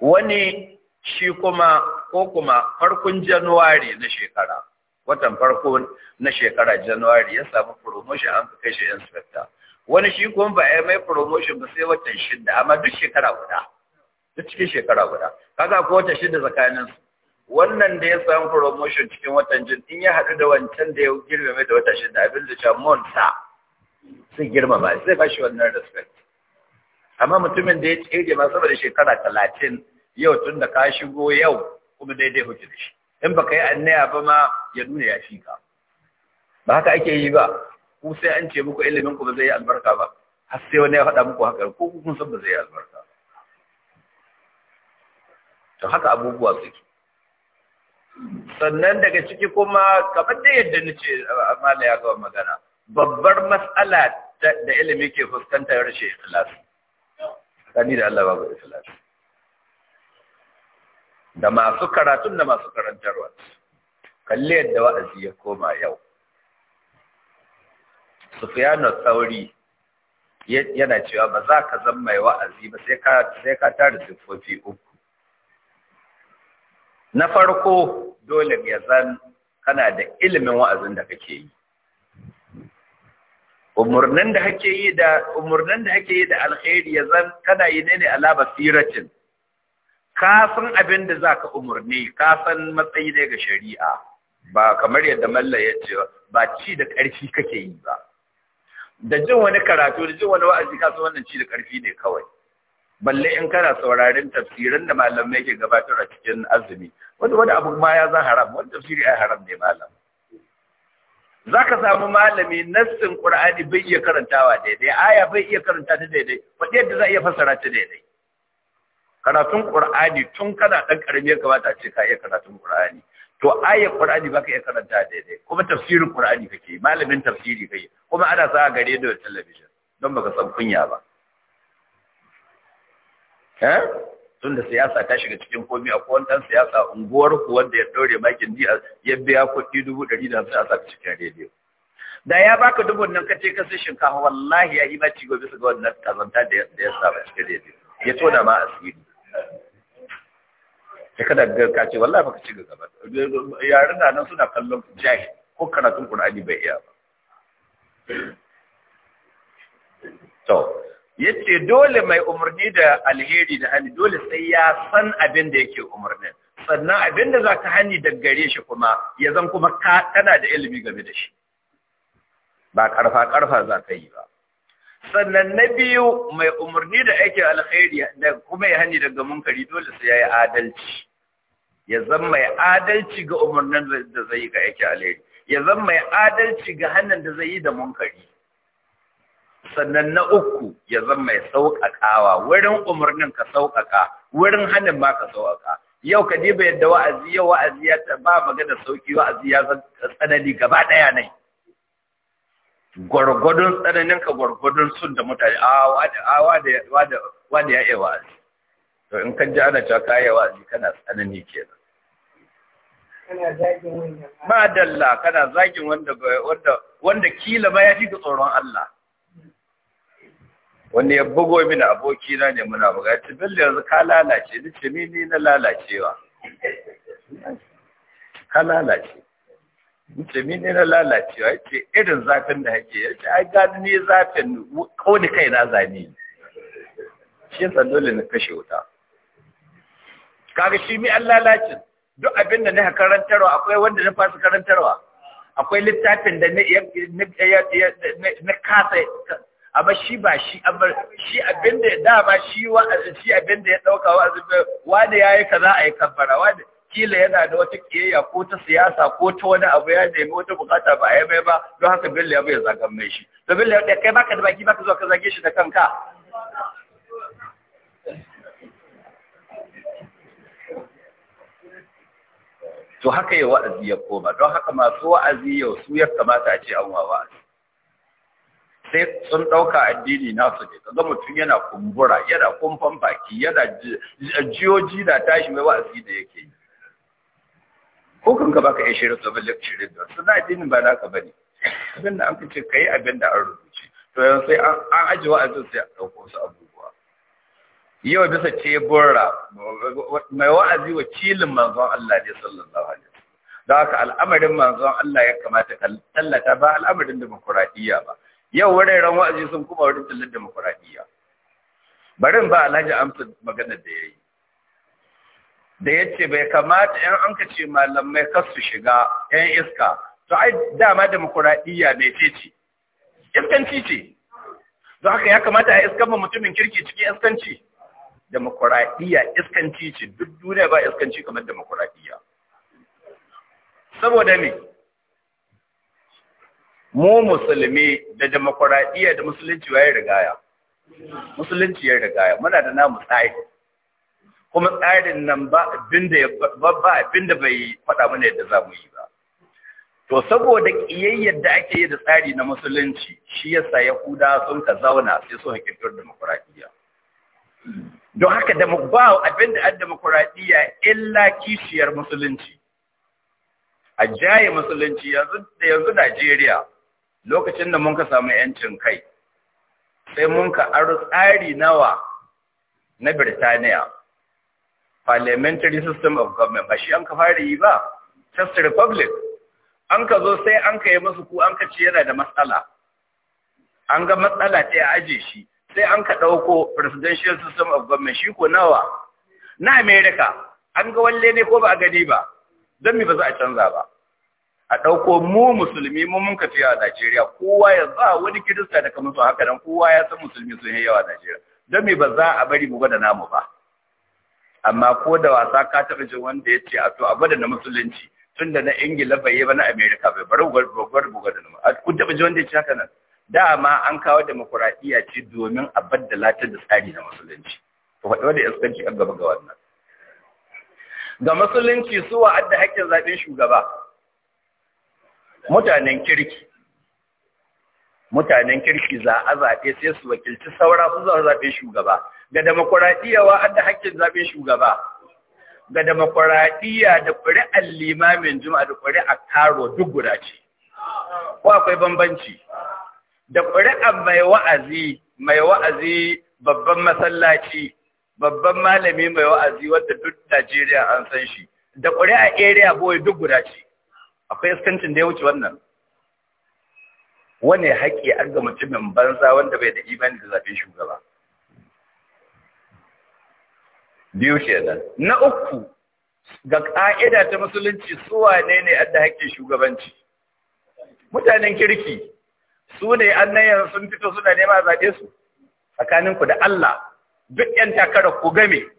Speaker 1: Wani shi kuma ko kuma farkon Januwari na shekara, watan farko na shekara Januwari ya samu promotion an fi kai shi inspector. Wani shi kuma ba ya mai promotion ba sai watan shida, amma duk shekara guda, duk cikin shekara guda. Kaga ko watan shida tsakaninsu. wannan da ya samu promotion cikin watan jin in ya haɗu da wancan da ya girma mai da wata shida abin da cewa monta su girma ba zai bashi wannan respect amma mutumin da ya tsere ma saboda shekara talatin yau tun da ka shigo yau kuma daidai hujji da shi in ka yi annaya ba ma ya nuna ya fi ka ba haka ake yi ba ku sai an ce muku ilimin ku ba zai yi albarka ba har sai wani ya faɗa muku haka ko kun san ba zai yi albarka to haka abubuwa suke sannan daga ciki kuma kamar da yadda ce amma da ya ga magana babbar mas'ala da ilimi ke fuskantar rashin ikhlas kani da Allah babu ikhlas da masu karatun da masu karantarwa kalli yadda wa'azi ya koma yau Sufiyanu Tsauri yana cewa ba za ka zama mai wa'azi ba sai ka tara siffofi uku na farko dole ya zan kana da ilimin wa'azin da kake yi umurnin da kake yi da umurnin da kake yi da alkhairi ya zan kana yi ne ala basiratin ka san abin da zaka umurni ka san matsayi ne ga shari'a ba kamar yadda Malla ya ce ba ci da ƙarfi kake yi ba da jin wani karatu da jin wani wa'azi ka san wannan ci da ƙarfi ne kawai balle in kana saurarin tafsirin da malamai ke gabatar a cikin azumi wanda wani abu ma ya zan haram wani tafsiri ya haram ne malam za ka samu malami nassin ƙur'ani bai iya karantawa daidai aya bai iya karanta ta daidai wadda yadda za a iya fassara ta daidai karatun ƙur'ani tun kana dan ƙarami ya kamata a ce ka iya karatun ƙur'ani to ayar ƙur'ani baka ka iya karanta daidai kuma tafsirin ƙur'ani kake malamin tafsiri kake kuma ana sa a gare da talabijin don baka san kunya ba eh tunda siyasa ta shiga cikin komi a kowane ɗan siyasa unguwar ku wanda ya ɗaure makin jiya ya biya kuɗi dubu ɗari da hamsin a sa cikin rediyo da ya baka dubun nan kace ka sai shinkafa wallahi ya yi maci gobe su ga wannan kazanta da ya sa ba cikin rediyo ya tona ma asiri ta kada ga ka ce wallahi baka ci gaba yaran nan suna kallon jahi ko karatun Qur'ani bai iya ba to yace dole mai umarni da alheri da hali dole sai ya san abin da yake umarnin sannan abin da zaka hani daga gare shi kuma ya zan kuma ka da ilimi game da shi ba karfa karfa ka yi ba sannan na biyu mai umarni da aikin alheri da kuma ya hani daga munkari dole sai ya yi adalci ya zan mai adalci ga umarnin da zai yi ga aikin alheri ya zan mai adalci ga hannun da zai yi da munkari sannan na uku ya zama mai sauƙaƙawa wurin umarnin ka sauƙaƙa wurin hannun ma ka sauƙaƙa yau ka diba yadda wa'azi yau wa'azi ya ba magana sauƙi wa'azi ya tsanani gaba ɗaya ne gwargwadon tsananin ka gwargwadon sun da mutane a wada ya iya wa'azi to in kan ji ana cewa ka yi wa'azi kana tsanani kenan ba dalla kana zagin wanda wanda wanda kila ba ya fi tsoron Allah wani ya bugo mini aboki na ne muna buga ya ce bello yanzu ka lalace ni ce ni na lalacewa ka lalace ni ce ni na lalacewa ya ce irin zafin da hake ya ce ai gani ni zafin ni kai na zane shi yasa dole na kashe wuta kaga shi mi an lalace duk abin da na karantarwa akwai wanda na fasa karantarwa akwai littafin da na kasa amma shi ba shi amma shi abinda ya dama shi wa shi abinda ya dauka wa wanda yayi kaza ai kafara wani kila yana da wata kiyayya ko ta siyasa ko ta wani abu ya nemi wata bukata ba a mai ba don haka billa ya bai zagan mai shi to billa ya kai baka da baki baka zo ka zage shi da kanka to haka ya wa'azi ya koma don haka masu wa'azi yau su ya kamata a ce an wa wa'azi sai sun ɗauka addini nasu ne kaga mutum yana kumbura yana kumfan baki yana jiyoji na tashi mai wa'azi da yake yi ko kan ka baka iya shirin sabon da su? suna addinin ba naka bane abin da an fice ka yi abin da an rubuce to yanzu sai an aji wa'azin sai a ɗauko su abubuwa yau bisa tebura mai wa'azi wa cilin manzon Allah ne sallallahu alaihi wasallam Da haka al'amarin manzon Allah ya kamata ka tallata ba al'amarin dimokuraɗiyya ba yau wani ran wa'azi sun kuma wani tallar demokuraɗiyya barin ba alhaji amsa maganar da ya yi da ya ce bai kamata ‘yan an ka ce malamai kas shiga ‘yan iska to ai dama demokuraɗiyya mai ce ce iskanci ce don haka ya kamata a iskan ba mutumin kirki ciki iskanci demokuraɗiyya iskanci ce duk duniya ba iskanci kamar demokuraɗiyya saboda ne. mu musulmi da demokuraɗiyya da musulunci ya rigaya musulunci ya rigaya muna da namu tsari kuma tsarin nan ba abinda ba abinda bai faɗa mana yadda za mu yi ba to saboda ƙiyayyar da ake yi da tsari na musulunci shi yasa yahuda sun ka zauna sai su hakikin demokuraɗiyya don haka da ba abinda an demokuraɗiyya illa kishiyar musulunci a jaye musulunci yanzu da yanzu Najeriya lokacin da mun ka samu yancin kai sai mun ka aro tsari nawa na Birtaniya parliamentary system of government ba shi an ka fara yi ba test republic an ka zo sai an ka yi musu ku an ka ce yana da matsala an ga matsala ta ya aje shi sai an ka ɗauko presidential system of government shi ko nawa na Amerika. an ga walle ne ko ba a gani ba don me ba za a canza ba a ɗauko mu musulmi mu mun kafi a Najeriya kowa ya za wani kirista da kamar su haka nan kowa ya san musulmi sun yi yawa a Najeriya don me ba za a bari mu gwada namu ba amma ko da wasa ka taɓa jin wanda ya ce a to a gwada na musulunci tun da na Ingila bai yi ba na Amerika bai bari gwada mu gwada namu Ku taɓa jin wanda ya ce haka nan dama an kawo demokuraɗiyya ce domin a baddala ta da tsari na musulunci to faɗi wanda ya tsanci an gaba ga wannan ga musulunci su adda hakkin zaɓen shugaba mutanen kirki mutanen kirki za a zaɓe sai su wakilci saura su za zaɓe shugaba ga demokuraɗiyya wa adda hakkin zaɓe shugaba ga demokuraɗiyya da ƙuri'ar limamin juma'a da ƙuri'a karo duk guda ce ko akwai bambanci da ƙuri'a mai wa'azi mai wa'azi babban masallaci babban malami mai wa'azi wadda duk Najeriya an san shi da ƙuri'a area boy duk guda ce akwai iskancin da ya wuce wannan wane haƙƙi an ga mutumin banza wanda bai da imani da zaɓen shugaba biyu kenan na uku ga ƙa'ida ta musulunci su wane ne adda haƙƙin shugabanci mutanen kirki su ne annayan sun fito suna nema zaɓe su tsakaninku da Allah duk ƴan takara ku game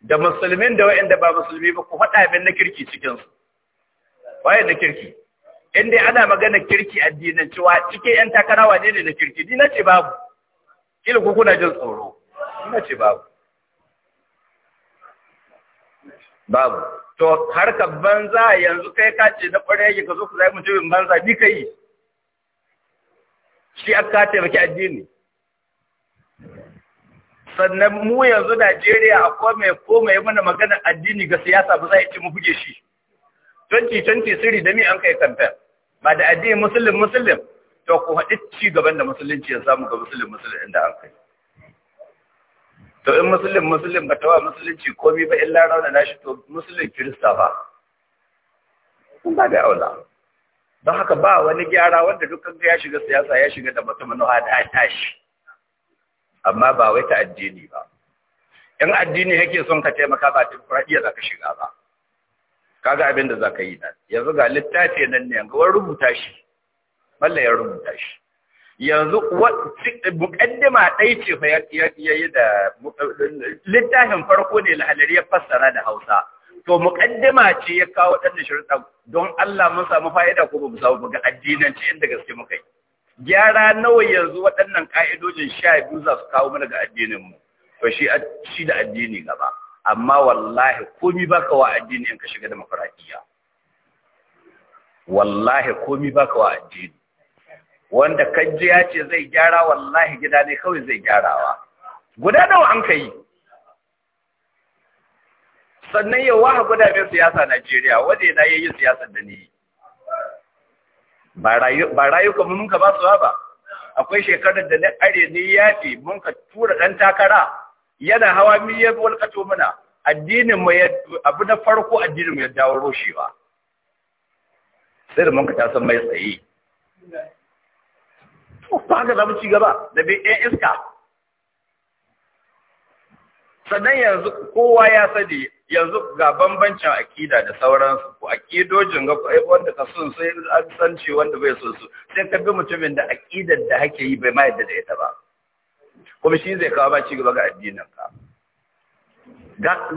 Speaker 1: da musulmin da wa'yanda ba musulmi ba ku faɗa min na kirki cikinsu waye da kirki in dai ana magana kirki addinin cewa cikin yan takara wane ne na kirki ni nace babu kila ku kuna jin tsoro ni nace babu babu to har ka banza yanzu kai ka ce na kware yake ka zo ku zai mutumin banza bi kai shi aka taimaki addini sannan mu yanzu Najeriya akwai mai ko mai mana magana addini ga siyasa ba za a ci mu buge shi canci canci sirri da mi an kai kanta ba da addinin musulun musulun to ku haɗi ci gaban da musulunci ya samu ga musulun musulun inda an kai to in musulun musulun ba ta wa musulunci komi ba in lara wani nashi to musulun kirista ba kun ba da aula don haka ba wani gyara wanda dukkan ya shiga siyasa ya shiga da mutum na hada tashi amma ba wai ta addini ba in addini yake son ka taimaka ba kuraɗiya za ka shiga ba kaga abin da zaka yi dan yanzu ga littafi nan ne ga rubuta shi balle ya rubuta shi yanzu mukaddima dai ce fa ya yi da littafin farko ne lahalari ya fassara da hausa to mukaddima ce ya kawo ɗan shirta don Allah mun samu fa'ida ko ba mu samu ga addinan ce inda gaske muka yi gyara nawa yanzu waɗannan ƙa'idojin sha biyu za su kawo mana ga addinin mu to shi da addini gaba amma wallahi komi baka wa addini in ka shiga demokradiyya wallahi komi baka wa addini wanda je ya ce zai gyara wallahi gida ne kawai zai gyarawa guda nawa an kai sannan yawa waha guda mai siyasa Najeriya wanda yana yayin siyasar da ni. ba rayuka mun ka ba su ba akwai shekarar da na are ne yafi mun ka tura dan takara yana hawa mi ya walƙato mana addinin mu ya abu na farko addinin mu ya dawo roshewa sai da manka ta san mai tsaye to ba haka za mu ci gaba da bi ɗan iska sannan yanzu kowa ya sani yanzu ga bambancin akida da sauransu ko akidojin ga wanda ka sun sai an san ce wanda bai so su sai ka bi mutumin da akidar da hake yi bai mai da ita ba kuma shi zai kawo ba ci gaba ga addinin ka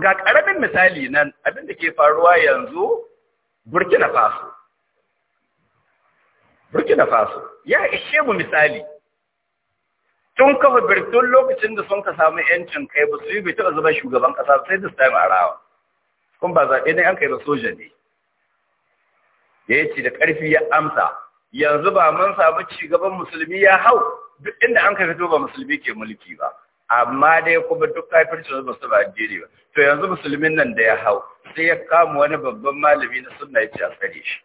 Speaker 1: ga karamin misali nan abin ke faruwa yanzu Burkina Faso Burkina Faso ya ishe mu misali tun kafa birtun lokacin da sun ka samu yancin kai ba su yi bai taɓa zama shugaban kasa sai da time arawa kun ba zaɓe ne an kai da soja ne ya yi ci da ƙarfi ya amsa yanzu ba mun samu cigaban musulmi ya hau duk inda an kai fito ba musulmi ke mulki ba amma dai kuma duk kafirci ba su ba addini ba to yanzu musulmin nan da ya hau sai ya kama wani babban malami na sunna ya ce a tsare shi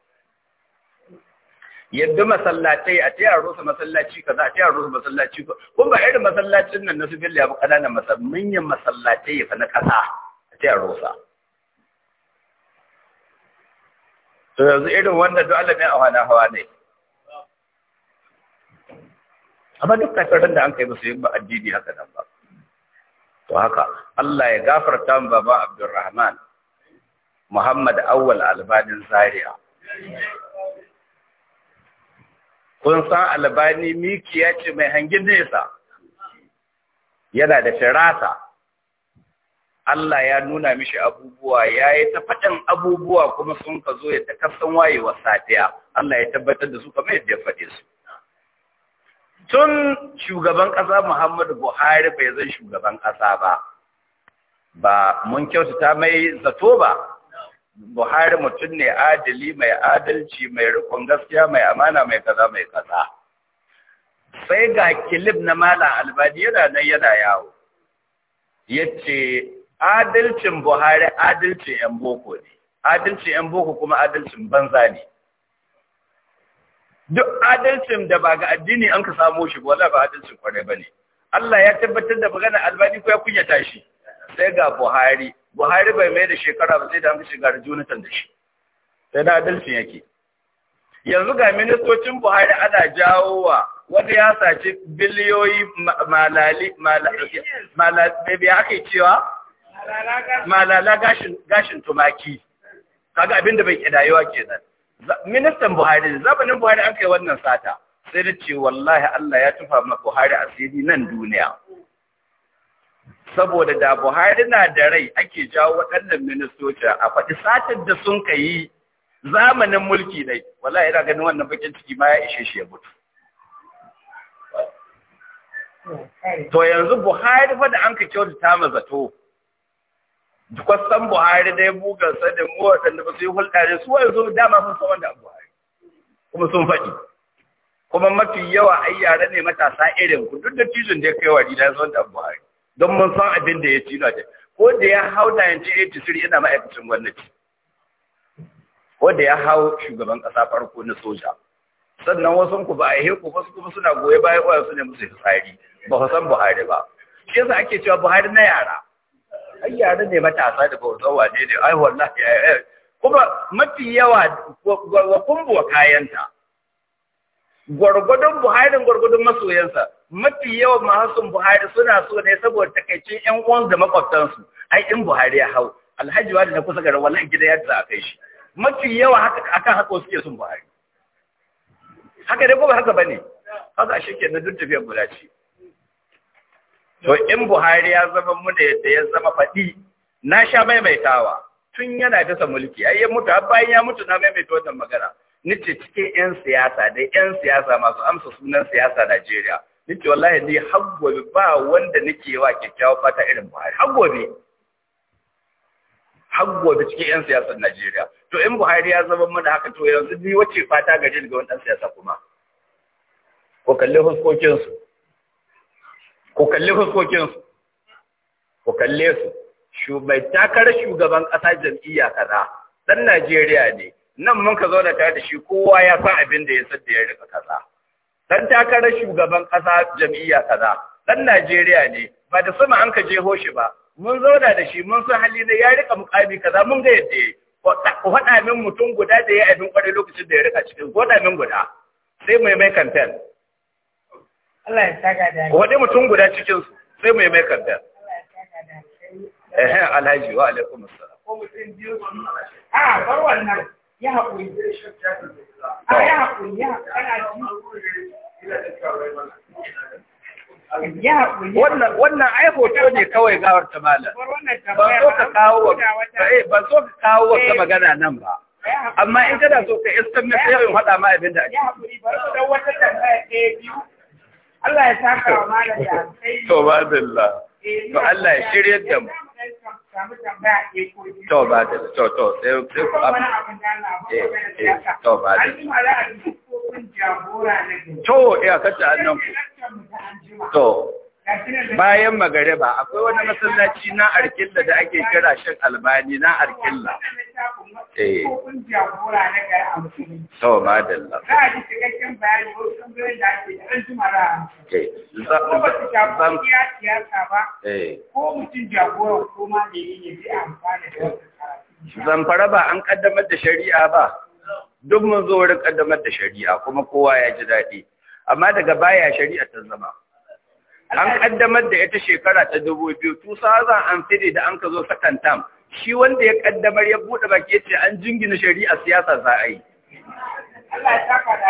Speaker 1: yadda masallatai a ta yaro su masallaci kaza a ta yaro su masallaci kun ba irin masallacin nan na su fili abu kananan manyan masallatai ya fa na kasa a ta yaro sa to yanzu irin wanda duk alamin a hawa ne amma duk kafirin da an kai musu yin ba addini haka nan ba to haka Allah ya gafarta mu baba Abdulrahman Muhammad Awwal Albanin Zaria kun san Albani mikiya ce mai hangin nesa yana da firasa Allah ya nuna mishi abubuwa ya yi ta faɗin abubuwa kuma sun ka zo ya ta kasan wayewa safiya Allah ya tabbatar da su kamar yadda ya faɗe su tun shugaban ƙasa Muhammadu Buhari bai zai shugaban ƙasa ba, ba mun kyautata mai zato ba. Buhari mutum ne adali mai adalci mai rikon gaskiya mai amana mai kaza mai kaza. Sai ga kilib na mala Albani yana nan yana yawo. Yace adalcin Buhari adalcin 'yan boko ne, adalcin 'yan boko kuma adalcin banza ne. duk adalcin da ba ga addini an ka samo shi ba, ba adalcin kwarai bane Allah ya tabbatar da magana albani ko ya kunyata shi sai ga Buhari Buhari bai mai da shekara ba sai da an shiga Jonathan da shi sai da adalcin yake yanzu ga ministocin Buhari ana jawowa wanda ya saci biliyoyi malali malali malali ake cewa malala gashin gashin tumaki kaga abinda bai kidayewa kenan ministan Buhari zamanin Buhari an kai wannan sata sai da ce wallahi Allah ya tufa ma Buhari asiri nan duniya saboda da Buhari na da rai ake jawo waɗannan ministoci a faɗi satar da sun ka zamanin mulki ne, wallahi ina ganin wannan bakin ciki ma ya ishe shi ya mutu to yanzu Buhari fa da anka ka kyautata ma zato kwasan buhari dai buga sadin muwa waɗanda ba su yi hulɗa ne su yanzu dama sun san wanda buhari kuma sun faɗi kuma mafi yawa ai yare ne matasa irin ku duk da tijin da ya kai wa da san da buhari don mun san abin da ya ci na ta ko da ya hau da yanci 83 ina ma'aikacin gwamnati ko da ya hau shugaban ƙasa farko na soja sannan wasu ku ba a yi ku wasu kuma suna goye bayan su ne musu fitsari ba san buhari ba shi yasa ake cewa buhari na yara ai yare ne matasa da bautar wane ne ai wallahi ai kuma mafi yawa wa kumbuwa kayanta gwargwadon buharin gwargwadon masoyansa mafi yawa mahasun buhari suna so ne saboda takaicin yan uwan da makwabtansu ai in buhari ya hau alhaji wani na kusa garin wallahi gida yadda a kai shi mafi yawa haka akan haka suke sun buhari haka dai kuma ba haka bane haka shi ke na duk tafiyar guda ce To in Buhari ya zama muna yadda ya zama faɗi, na sha maimaitawa tun yana bisa mulki, ai ya mutu, har bayan ya mutu na maimaita wannan magana. Nice cikin 'yan siyasa da 'yan siyasa masu amsa sunan siyasa Najeriya. Nice wallahi ni har ba wanda nake wa kyakkyawan fata irin Buhari, har gobe. cikin 'yan siyasar Najeriya. To in Buhari ya zama muna haka to yanzu ni wace fata gari daga wani ɗan siyasa kuma. Ko kalli huskokinsu. ku kalli fuskokinsu ku kalle su takarar shugaban ƙasa jam'iyya kaza ɗan Najeriya ne nan mun ka zauna tare da shi kowa ya san abin da ya san da ya rika kaza dan takarar shugaban ƙasa jam'iyya kaza ɗan Najeriya ne ba da sama an ka jeho shi ba mun zauna da shi mun san hali na ya rika mukami kaza mun ga yadda ya ku faɗa min mutum guda da ya abin kwarai lokacin da ya rika cikin ko min guda sai mai mai kamfen. Waɗe mutum guda cikinsu sai mai mai kanta. Ehe alhaji wa alaikum assalam.
Speaker 2: Ko mutum biyu su a bar wannan ya haƙuri.
Speaker 3: A ya haƙuri ya haƙuri.
Speaker 1: Wannan wannan ai ne kawai gawar ta malam. Eh, ban so ka kawo ban wata eh. magana nan ba. Amma in kana so ka iskan na sai in faɗa ma abin da ake. Ya
Speaker 2: haƙuri bar da wata tambaya ɗaya biyu. Allah ya saka wa malam to ba dalla eh, to Allah ya shirye da mu to ba da to
Speaker 1: to sai sai ku abu
Speaker 2: eh, eh, to ba da to ya kace annan to bayan
Speaker 1: magariba akwai wani masallaci na arkilla da ake kira shan albani na arkilla eh to madalla eh. zamfara eh. ba an kaddamar da shari'a ba duk mun zo wurin kaddamar da shari'a kuma kowa ya ji daɗi amma daga baya shari'a ta zama an kaddamar da ita shekara ta dubu biyu za an fide da an ka zo sakan shi wanda ya kaddamar ya buɗe baki ce an jingina shari'a siyasa za a yi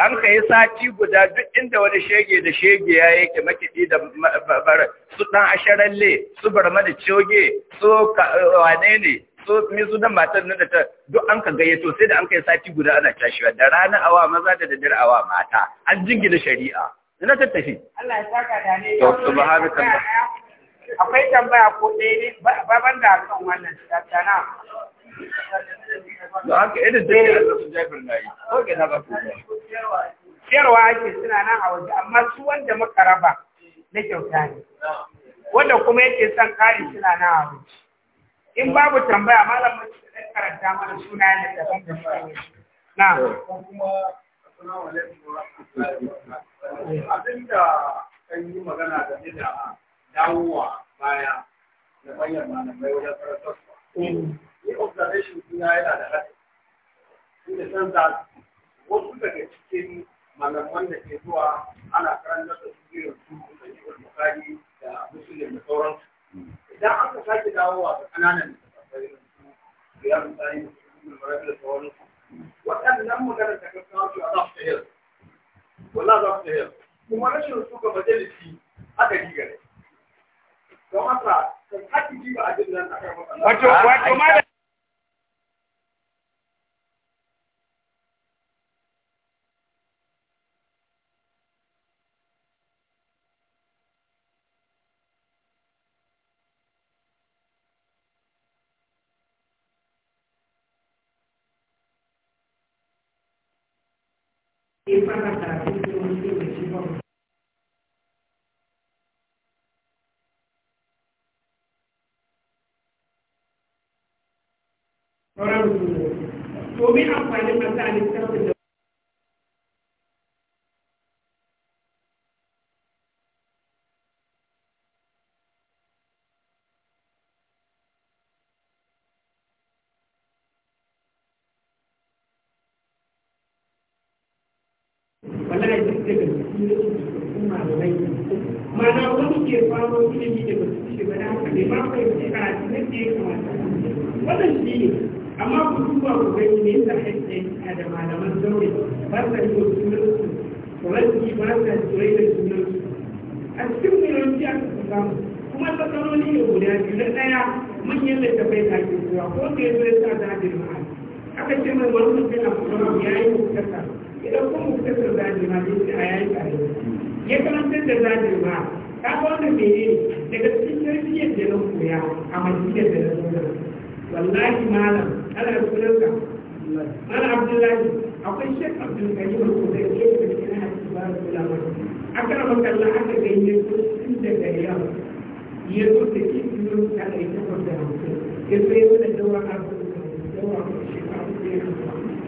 Speaker 1: an ka sati guda duk inda wani shege da shege ya yake makiɗi da su ɗan asharalle su barma da coge su wane ne su me su matar nan da ta duk an ka gayyato sai da an kai sati guda ana cashewa da rana awa maza da dadar awa mata an jingina shari'a ina tattashi
Speaker 2: Allah ya saka da ne to subhanaka akwai tambaya ko ɗaya ne baban da kan wannan tattana da haka idan eh, da ya
Speaker 1: rasu jafir nayi ko ga na ba
Speaker 2: ku ciyarwa ake suna nan a waje amma su wanda muka raba na kyauta ne wanda kuma yake son kari suna nan a waje in babu tambaya malamin karanta mana suna ne daban da na
Speaker 3: Abinda kan yi magana game da dawowa baya da manyan malamai wajen karatarwa. Mm. Ni observation suna yana da hadi. Inda san da wasu daga cikin malaman da ke zuwa ana karantar da su irin su da Ibn Bukhari da Muslim da
Speaker 1: sauransu. Mm. Idan aka sake dawowa ga
Speaker 3: ƙananan da su
Speaker 1: biyar misali da su da sauransu waɗannan maganar da kan kawo cewa za su ta wala za su ta kuma rashin suka majalisi aka yi gare don haka kan haƙi ji ba a jin nan a kan wato wato ma da
Speaker 3: yi fara karatun lokaci ba sauran rubutu domin amfanin masu a da
Speaker 1: duk daga cikin da
Speaker 3: wani ke ilimi daga cikin shi bada haka ne ma da ya kamata wannan shi ne amma ku duba ku gani yasa a da malaman zaure ba sa yi wa ba sa da a cikin aka samu kuma tsakanoni ne guda biyu na ɗaya manyan littafai
Speaker 2: da ake zuwa ko da ya zo ya sa aka ce mai wani mutum kuma ya yi mutum ya ɗauko muktasar zahiri ma da yake a yayin tare ya ta da zahiri ma ka ba wannan mene daga cikin tarbiyyar da na koya a majalisar da na koya wallahi malam
Speaker 3: ana sunanka malam abdullahi akwai shek abdulkarim al-kudai ke da cikin hadisi ba da kulama akan makalla aka gayyato tun daga yau ya zo da ke biyu a ta takwas da hamsin ya zo ya zo da a abu da daura shekaru da ya hamsin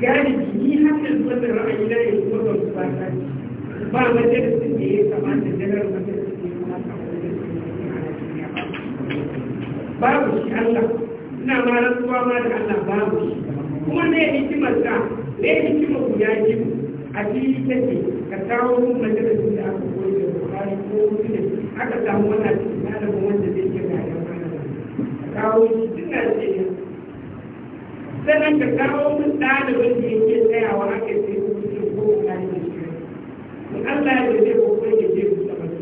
Speaker 3: galibi ni hakan wannan ra'ayi na yanzu wannan su ba ta ba majalisin da ya kamata janar majalisin da ya kamata a wajen babu shi Allah
Speaker 2: ina ma rantsuwa ma da ala babu shi kuma ne hikimar sa ne
Speaker 3: hikimar ku ya ji a fili take ka kawo mun majalisin da aka koyi da Bukhari ko samu wannan cikin ɗalibin wanda zai kawo shi duk na ce sannan ka kawo mun ɗalibin da yake tsayawa aka ce ko ce ko ka yi shi in Allah ya yarda ko ko ya ce ku saba da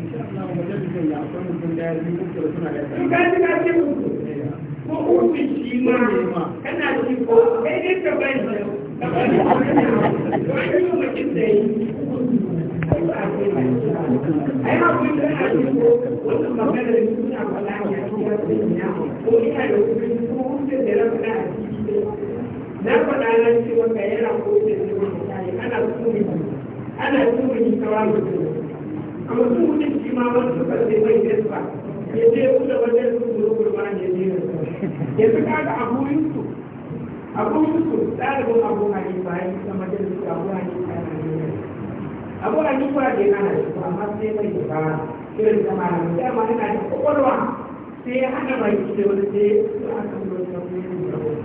Speaker 3: insha Allah wajen da ya akwai mun da ya yi ku suna da ka ga ka ko ko shi ma kana ji ko kai ne ka bani ka bani ko ai mu mutum da yi da wani farce bai wani su kuro kurban ya je ya fi kaga abu yusuf abu yusuf yi sama da su abu hanifa na ne abu hanifa da yana da su amma sai bai da fara irin da malamin dama yana da kwakwalwa sai ya da wani sai ya su aka zuwa da wani da wani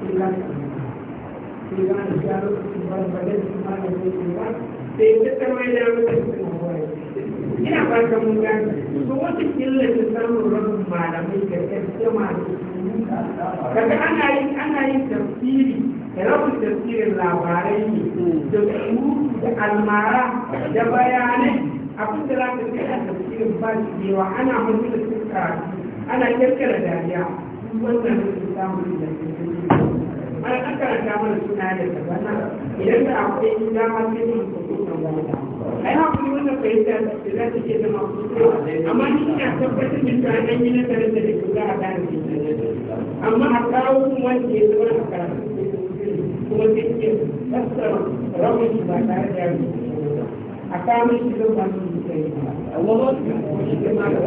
Speaker 3: sai ya hana shi a lokacin da ba da da wani sai ya tattara wani da wani da ina fata mun gani to wata killa ta samun rabin malamai da ƙarfi masu kaga ana yi ana yin tafsiri da rabin tafsirin labarai ne da surutu da almara da bayanai abin da za ka sai a tafsirin ba shi yawa ana mutu da sun karatu ana kirkira dariya wannan sun samun da an karanta mana suna da tabana idan da akwai dama sai mun fito kan wani ai hakuri wannan fahimta da za ta ce zama kusurwa amma ni ina tabbatar da ta an yi nasarar da ku za a gane amma a kawo kuma wanda ya zama a karatu kuma sai ke fassara rabin shi ba tare da yaro a kawo shi zan ba su yi sai a wani shi ke ma da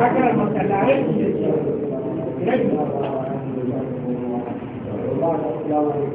Speaker 3: haka masallarai shi da cewa rai Allah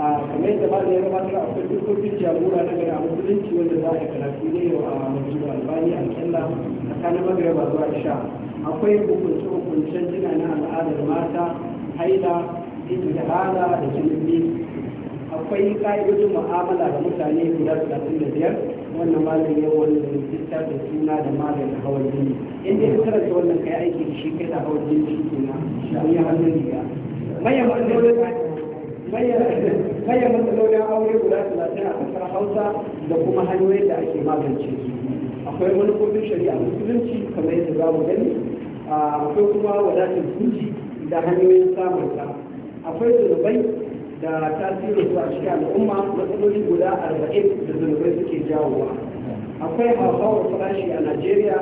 Speaker 3: kamar yadda da ya gabatar a akwai dokokin jagora na gari a musulunci wanda za a karatu ne a masjid albani a alƙalla tsakanin magreba zuwa sha. akwai hukunce hukuncen jina na al'adar mata haila ijtihada da jinin akwai ka'idodin mu'amala da mutane guda talatin da biyar wannan malamin ya wani littafin suna da maganin hawan jini Inda ya karanta wannan kai aiki da shi kai da hawan jini shi kenan shi ya hannun riga mayan matsalolin maye matsalolin aure guda talatin a kasar hausa da kuma hanyoyin da ake magance akwai manufofin shari'a musulunci kamar yadda za mu gani akwai kuma wadatar kuji da hanyoyin samun ta akwai zunubai da tasirin su a cikin al'umma matsaloli guda arba'in da zunubai suke jawowa akwai hauhawar farashi a najeriya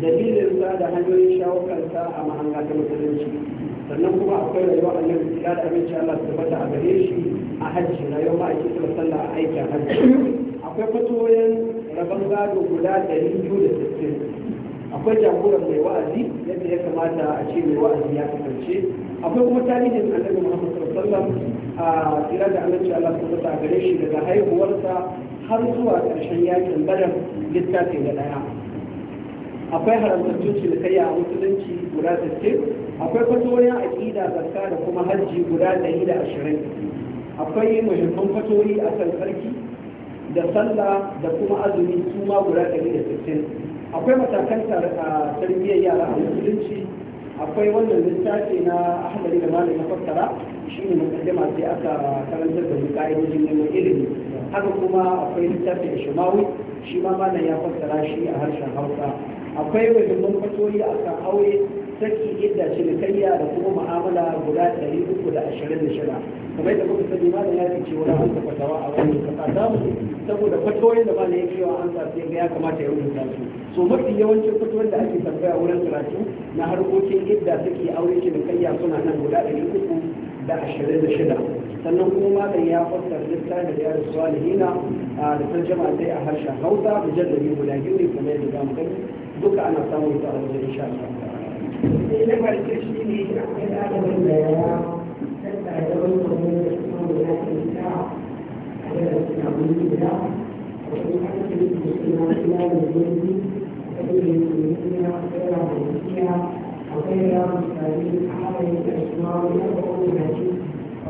Speaker 3: dalilin sa da hanyoyin shawo kansa a mahanga ta musulunci sannan kuma akwai rayuwa yau ya da aminci Allah su a gare shi a hajji rayuwa ma ake kuma sallah a aikin hajji akwai fatoyin rabon gado guda ɗari biyu da sittin akwai jagoran mai wa'azi yadda ya kamata a ce mai wa'azi ya kasance akwai kuma tarihin annabi Muhammad sallallahu alaihi wasallam a tsira da annabi Allah su a gare shi daga haihuwarsa har zuwa ƙarshen yakin badar littafi da ɗaya akwai da cinikayya a musulunci guda sittin. akwai fatoyin ƙida zarka da kuma hajji guda da ashirin. akwai muhimman fatori a kan sarki da sallah da kuma azumi su ma da sittin. akwai matakan tarbiyyar yara a musulunci akwai wannan littafi na ahmadi da malamin fassara shine masu sai aka karantar da mu ka'idojin ilimi haka kuma akwai littafin shimawi shi ma mana ya fassara shi a harshen hausa akwai wani fatoyi a kan aure saki idda cinikayya da kuma ma'amala guda 326 kamar yadda kuma sani ma da ya fi cewa an ka fatawa a wani kasa fata saboda fatoyin da ba na yake yawa an sa ga ya kamata ya rubuta su so mafi yawancin fatoyin da ake tambaya wurin karatu na harkokin idda saki aure cinikayya suna nan guda 326 sannan kuma da ya fassar littafin da ya rasu alihina a da tarjama sai a harshen hausa da jaddari guda biyu ne kuma yadda za mu gani duka ana samun ta a wajen insha Allah. Na farko shi ne akwai ɗalibin da ya tattara da wani kwanan da kuma da ya ke ta a yadda suna wani gida a wani ake yi da suna suna da wani akwai da yi suna akwai da wani akwai da wani akwai da wani akwai da wani akwai da wani akwai da wani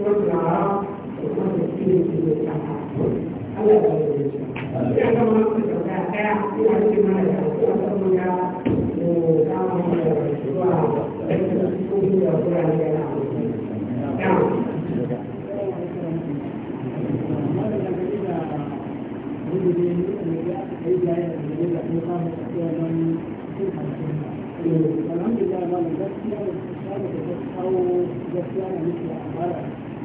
Speaker 3: سورة الأعراف وسورة التين في الله يبارك فيك. يعني كما قلت لك كان في هذه المرة وصلنا Thank you.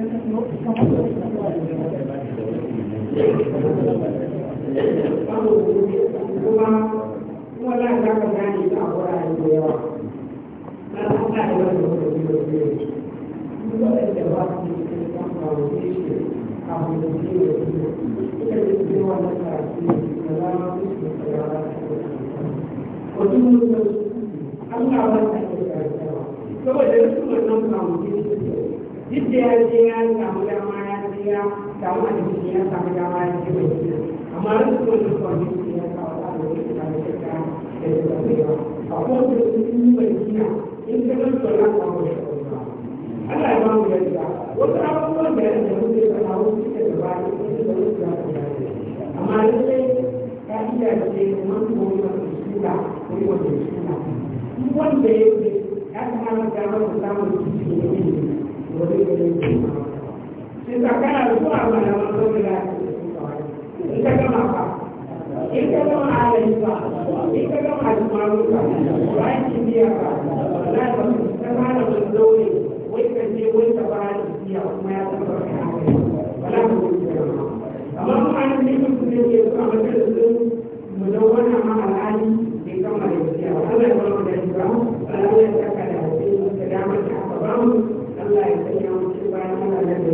Speaker 3: 然后五五五八，我在两个家里干活，干活。那他们家有什么手机？一个人写的话，他们就刚好没事，他们就写。一个人写的话，他们就写。那他们家有什么手机？一个人写的话，他们就刚好没事，他们就写。一个人写的话，他们就刚好没事，他们就写。duk da ya je ya samu dama ya je ya samu addini ya samu dama ya je mai gina amma ran su wani kwanci su ya kawo a lokacin da ya ga da ya zaɓe ba a kowace sun yi mai gina in ka nan tsoron a kowace kuma Allah ya ba mu yadda wasu abubuwan da ya da muke da kawo su ke da bayan su ke da wasu za su gane amma lallai ka iya ce man kuma wani suna wani wani suna wanda ya ce ya kamata damar samun cikin da ya Sai ka kana zuwa ka gama ba, wai wai kuma ta da wannan ma al'ali bai gama Allah ya sanya mu cikin bayan Allah na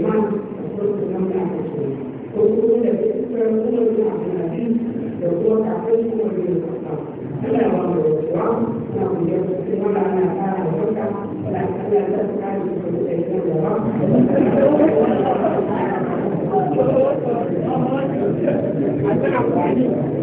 Speaker 3: a a a a ko kuma da kusurar kuma da abin da kuma kafin kuma da yin kwasa ana ba mu da kuwa na kuyar kusa mana ana kara da wanka ana kara da kare da kuma da yin gaba a tana kwani